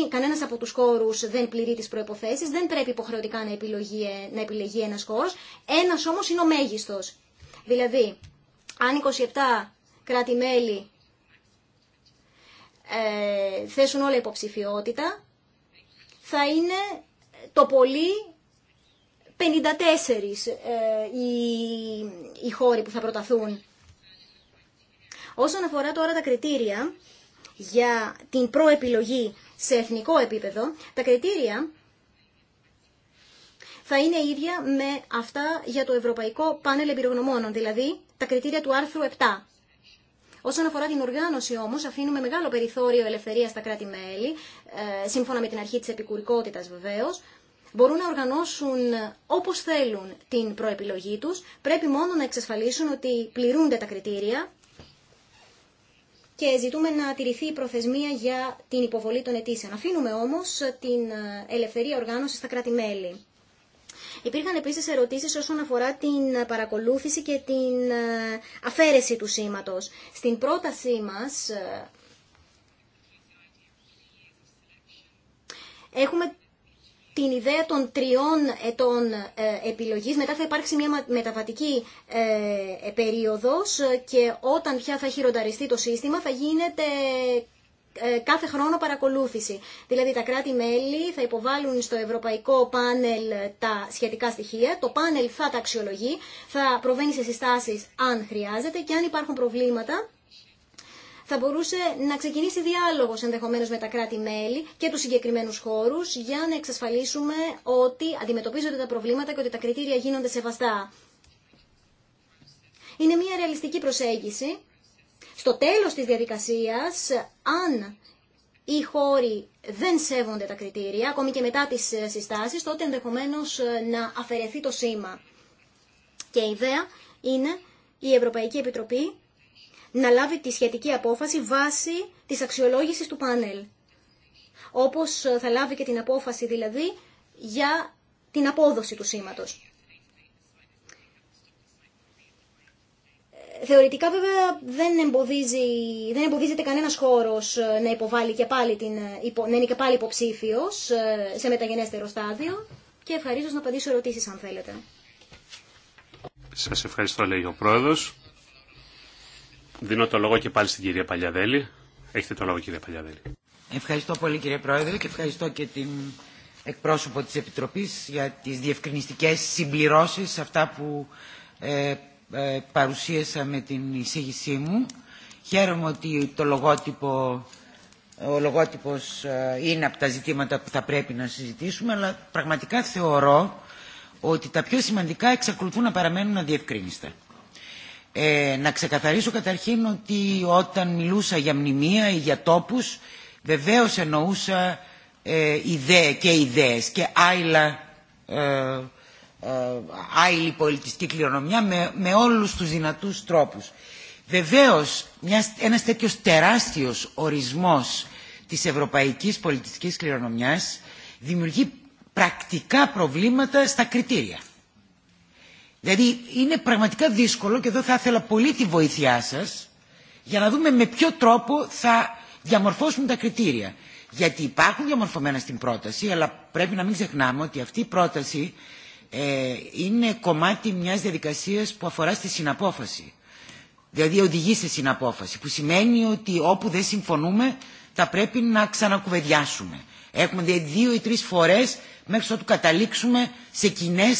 κανένας από τους χώρους δεν πληρεί τις προϋποθέσεις, δεν πρέπει υποχρεωτικά να επιλεγεί, ε, να επιλεγεί ένας χώρος, ένας όμως είναι ο μέγιστος. Δηλαδή, αν 27 κράτη-μέλη ε, θέσουν όλα υποψηφιότητα θα είναι το πολύ 54 ε, οι, οι χώροι που θα προταθούν. Όσον αφορά τώρα τα κριτήρια για την προεπιλογή σε εθνικό επίπεδο, τα κριτήρια θα είναι ίδια με αυτά για το Ευρωπαϊκό Πάνελ Εμπειρογνωμόνων, δηλαδή τα κριτήρια του άρθρου 7. Όσον αφορά την οργάνωση όμω, αφήνουμε μεγάλο περιθώριο ελευθερία στα κράτη-μέλη, ε, σύμφωνα με την αρχή τη επικουρικότητα βεβαίω. Μπορούν να οργανώσουν όπως θέλουν την προεπιλογή τους. Πρέπει μόνο να εξασφαλίσουν ότι πληρούνται τα κριτήρια και ζητούμε να τηρηθεί η προθεσμία για την υποβολή των αιτήσεων. Αφήνουμε όμως την ε, ελευθερία οργάνωση στα κράτη-μέλη. Υπήρχαν επίση ερωτήσεις όσον αφορά την παρακολούθηση και την ε, αφαίρεση του σήματο. Στην πρότασή μας ε, έχουμε την ιδέα των τριών ετών ε, επιλογής. Μετά θα υπάρξει μια μεταβατική περίοδος και όταν πια θα χειρονταριστεί το σύστημα θα γίνεται ε, κάθε χρόνο παρακολούθηση. Δηλαδή τα κράτη-μέλη θα υποβάλουν στο Ευρωπαϊκό Πάνελ τα σχετικά στοιχεία, το πάνελ θα τα αξιολογεί, θα προβαίνει σε συστάσεις αν χρειάζεται και αν υπάρχουν προβλήματα θα μπορούσε να ξεκινήσει διάλογος ενδεχομένως με τα κράτη-μέλη και τους συγκεκριμένους χώρους για να εξασφαλίσουμε ότι αντιμετωπίζονται τα προβλήματα και ότι τα κριτήρια γίνονται σεβαστά. Είναι μια ρεαλιστική προσέγγιση στο τέλος της διαδικασίας, αν οι χώροι δεν σέβονται τα κριτήρια, ακόμη και μετά τις ε, συστάσεις, τότε ενδεχομένως ε, να αφαιρεθεί το σήμα. Και η ιδέα είναι η Ευρωπαϊκή Επιτροπή να λάβει τη σχετική απόφαση βάσει της αξιολόγησης του πάνελ. Όπως ε, θα λάβει και την απόφαση δηλαδή για την απόδοση του σήματος. Θεωρητικά βέβαια δεν, εμποδίζει, δεν εμποδίζεται κανένα χώρο ε, να υποβάλει και πάλι την, ε, να είναι και πάλι υποψήφιος ε, σε μεταγενέστερο στάδιο και ευχαρίστω να απαντήσω ερωτήσει, αν θέλετε. Σα ευχαριστώ λέει ο πρόεδρο. Δίνω το λόγο και πάλι στην κυρία Παλιαδέλη. Έχετε το λόγο κυρία Παλιαδέλη. Ευχαριστώ πολύ κύριε Πρόεδρε και ευχαριστώ και την εκπρόσωπο της Επιτροπής για τις διευκρινιστικές συμπληρώσεις αυτά που ε, ε, παρουσίασα με την εισήγησή μου. Χαίρομαι ότι το λογότυπο, ο λογότυπος ε, είναι από τα ζητήματα που θα πρέπει να συζητήσουμε, αλλά πραγματικά θεωρώ ότι τα πιο σημαντικά εξακολουθούν να παραμένουν αδιευκρίνιστα. Ε, να ξεκαθαρίσω καταρχήν ότι όταν μιλούσα για μνημεία ή για τόπους, βεβαίως εννοούσα ε, και ιδέες και άειλα ε, άειλη πολιτιστική κληρονομιά με, με όλους τους δυνατούς τρόπους. Βεβαίως, μια, ένας τέτοιος τεράστιος ορισμός της ευρωπαϊκής πολιτιστικής κληρονομιάς δημιουργεί πρακτικά προβλήματα στα κριτήρια. Δηλαδή είναι πραγματικά δύσκολο και εδώ θα ήθελα πολύ τη βοήθειά σας για να δούμε με ποιο τρόπο θα διαμορφώσουν τα κριτήρια. Γιατί υπάρχουν διαμορφωμένα στην πρόταση, αλλά πρέπει να μην ξεχνάμε ότι αυτή η πρόταση ε, είναι κομμάτι μιας διαδικασίας που αφορά στη συναπόφαση. Δηλαδή οδηγεί σε συναπόφαση, που σημαίνει ότι όπου δεν συμφωνούμε θα πρέπει να ξανακουβεδιάσουμε. Έχουμε δηλαδή δύο ή τρεις φορές μέχρι ότου καταλήξουμε σε κοινέ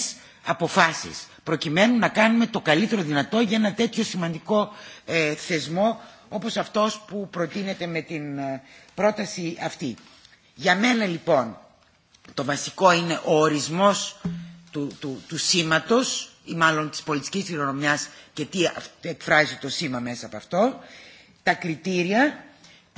αποφάσεις, προκειμένου να κάνουμε το καλύτερο δυνατό για ένα τέτοιο σημαντικό ε, θεσμό, όπως αυτός που προτείνεται με την ε, πρόταση αυτή. Για μένα λοιπόν το βασικό είναι ο ορισμός του, του, του σήματος ή μάλλον της πολιτικής κληρονομιάς και τι εκφράζει το σήμα μέσα από αυτό, τα κριτήρια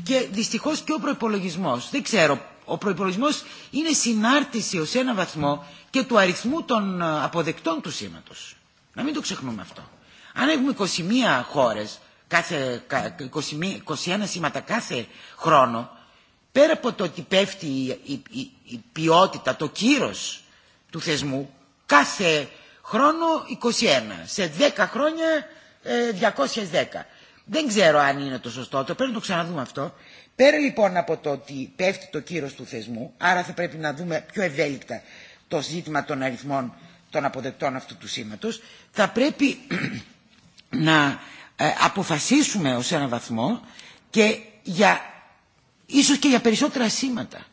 και δυστυχώς και ο προϋπολογισμός. Δεν ξέρω, ο προϋπολογισμός είναι συνάρτηση ως ένα βαθμό και του αριθμού των ε, αποδεκτών του σήματος. Να μην το ξεχνούμε αυτό. Αν έχουμε 21 χώρες, κάθε, 21, 21 σήματα κάθε χρόνο, πέρα από το ότι πέφτει η, η, η ποιότητα, το κύρος του θεσμού, κάθε χρόνο 21. Σε 10 χρόνια 210. Ε, Δεν ξέρω αν είναι το σωστό, το πρέπει να το ξαναδούμε αυτό. Πέρα λοιπόν από το ότι πέφτει το κύρος του θεσμού, άρα θα πρέπει να δούμε πιο ευέλικτα το ζήτημα των αριθμών των αποδεκτών αυτού του σήματος, θα πρέπει να ε, αποφασίσουμε ως ένα βαθμό και για, ίσως και για περισσότερα σήματα.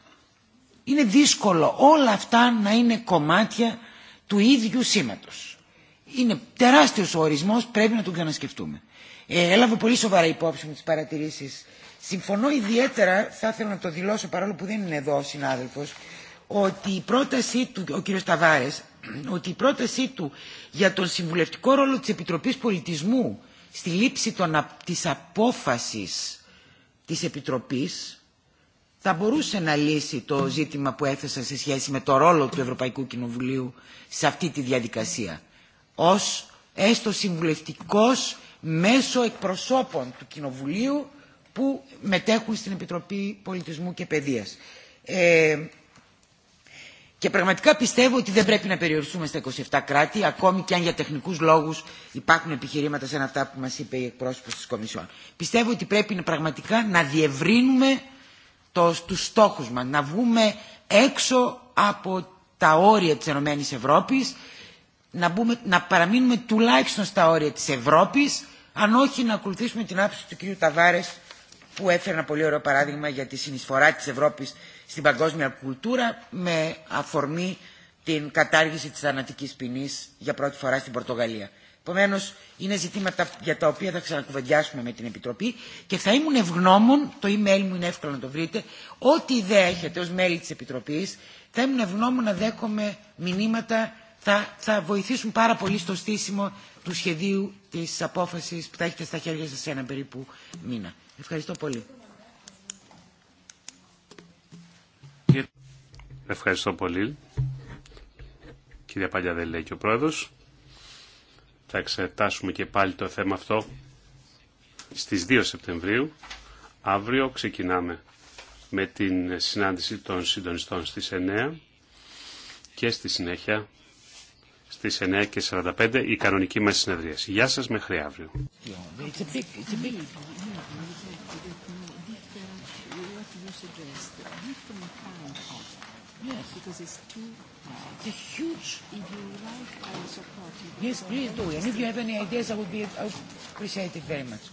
Είναι δύσκολο όλα αυτά να είναι κομμάτια του ίδιου σήματος. Είναι τεράστιος ο ορισμός, πρέπει να τον ξανασκεφτούμε. Ε, έλαβε πολύ σοβαρά υπόψη μου τις παρατηρήσεις. Συμφωνώ ιδιαίτερα, θα ήθελα να το δηλώσω παρόλο που δεν είναι εδώ ο συνάδελφος, ότι η πρότασή του, ο κύριος Ταβάρες, ότι η πρότασή του για τον συμβουλευτικό ρόλο της Επιτροπής Πολιτισμού στη λήψη των, της απόφασης της Επιτροπής θα μπορούσε να λύσει το ζήτημα που έθεσα σε σχέση με το ρόλο του Ευρωπαϊκού Κοινοβουλίου σε αυτή τη διαδικασία. Ως έστω συμβουλευτικός μέσω εκπροσώπων του Κοινοβουλίου που μετέχουν στην Επιτροπή Πολιτισμού και Παιδείας. Ε, και πραγματικά πιστεύω ότι δεν πρέπει να περιοριστούμε στα 27 κράτη, ακόμη και αν για τεχνικούς λόγους υπάρχουν επιχειρήματα σαν αυτά που μας είπε η εκπρόσωπος της Κομισιόν. Πιστεύω ότι πρέπει να, πραγματικά να διευρύνουμε το, τους στόχους μας, να βγούμε έξω από τα όρια της Ενωμένης Ευρώπης, να, να παραμείνουμε τουλάχιστον στα όρια της Ευρώπης, αν όχι να ακολουθήσουμε την άποψη του κ. Ταβάρες που έφερε ένα πολύ ωραίο παράδειγμα για τη συνεισφορά της Ευρώπης στην παγκόσμια κουλτούρα με αφορμή την κατάργηση της θανατικής ποινής για πρώτη φορά στην Πορτογαλία. Επομένω, είναι ζητήματα για τα οποία θα ξανακουβεντιάσουμε με την Επιτροπή και θα ήμουν ευγνώμων, το email μου είναι εύκολο να το βρείτε, ό,τι ιδέα έχετε ω μέλη τη Επιτροπή, θα ήμουν ευγνώμων να δέχομαι μηνύματα, θα, βοηθήσουν πάρα πολύ στο στήσιμο του σχεδίου τη απόφαση που θα έχετε στα χέρια σα σε ένα περίπου μήνα. Ευχαριστώ πολύ. Ευχαριστώ πολύ. Κυρία Παλιαδέλη, και ο πρόεδρος. Θα εξετάσουμε και πάλι το θέμα αυτό στις 2 Σεπτεμβρίου. Αύριο ξεκινάμε με την συνάντηση των συντονιστών στις 9 και στη συνέχεια στις 9 και 45 η κανονική μας συνεδρίαση. Γεια σας μέχρι αύριο the huge, in your life and support you. Yes, please do. And if you have any ideas, I would be, I would appreciate it very much.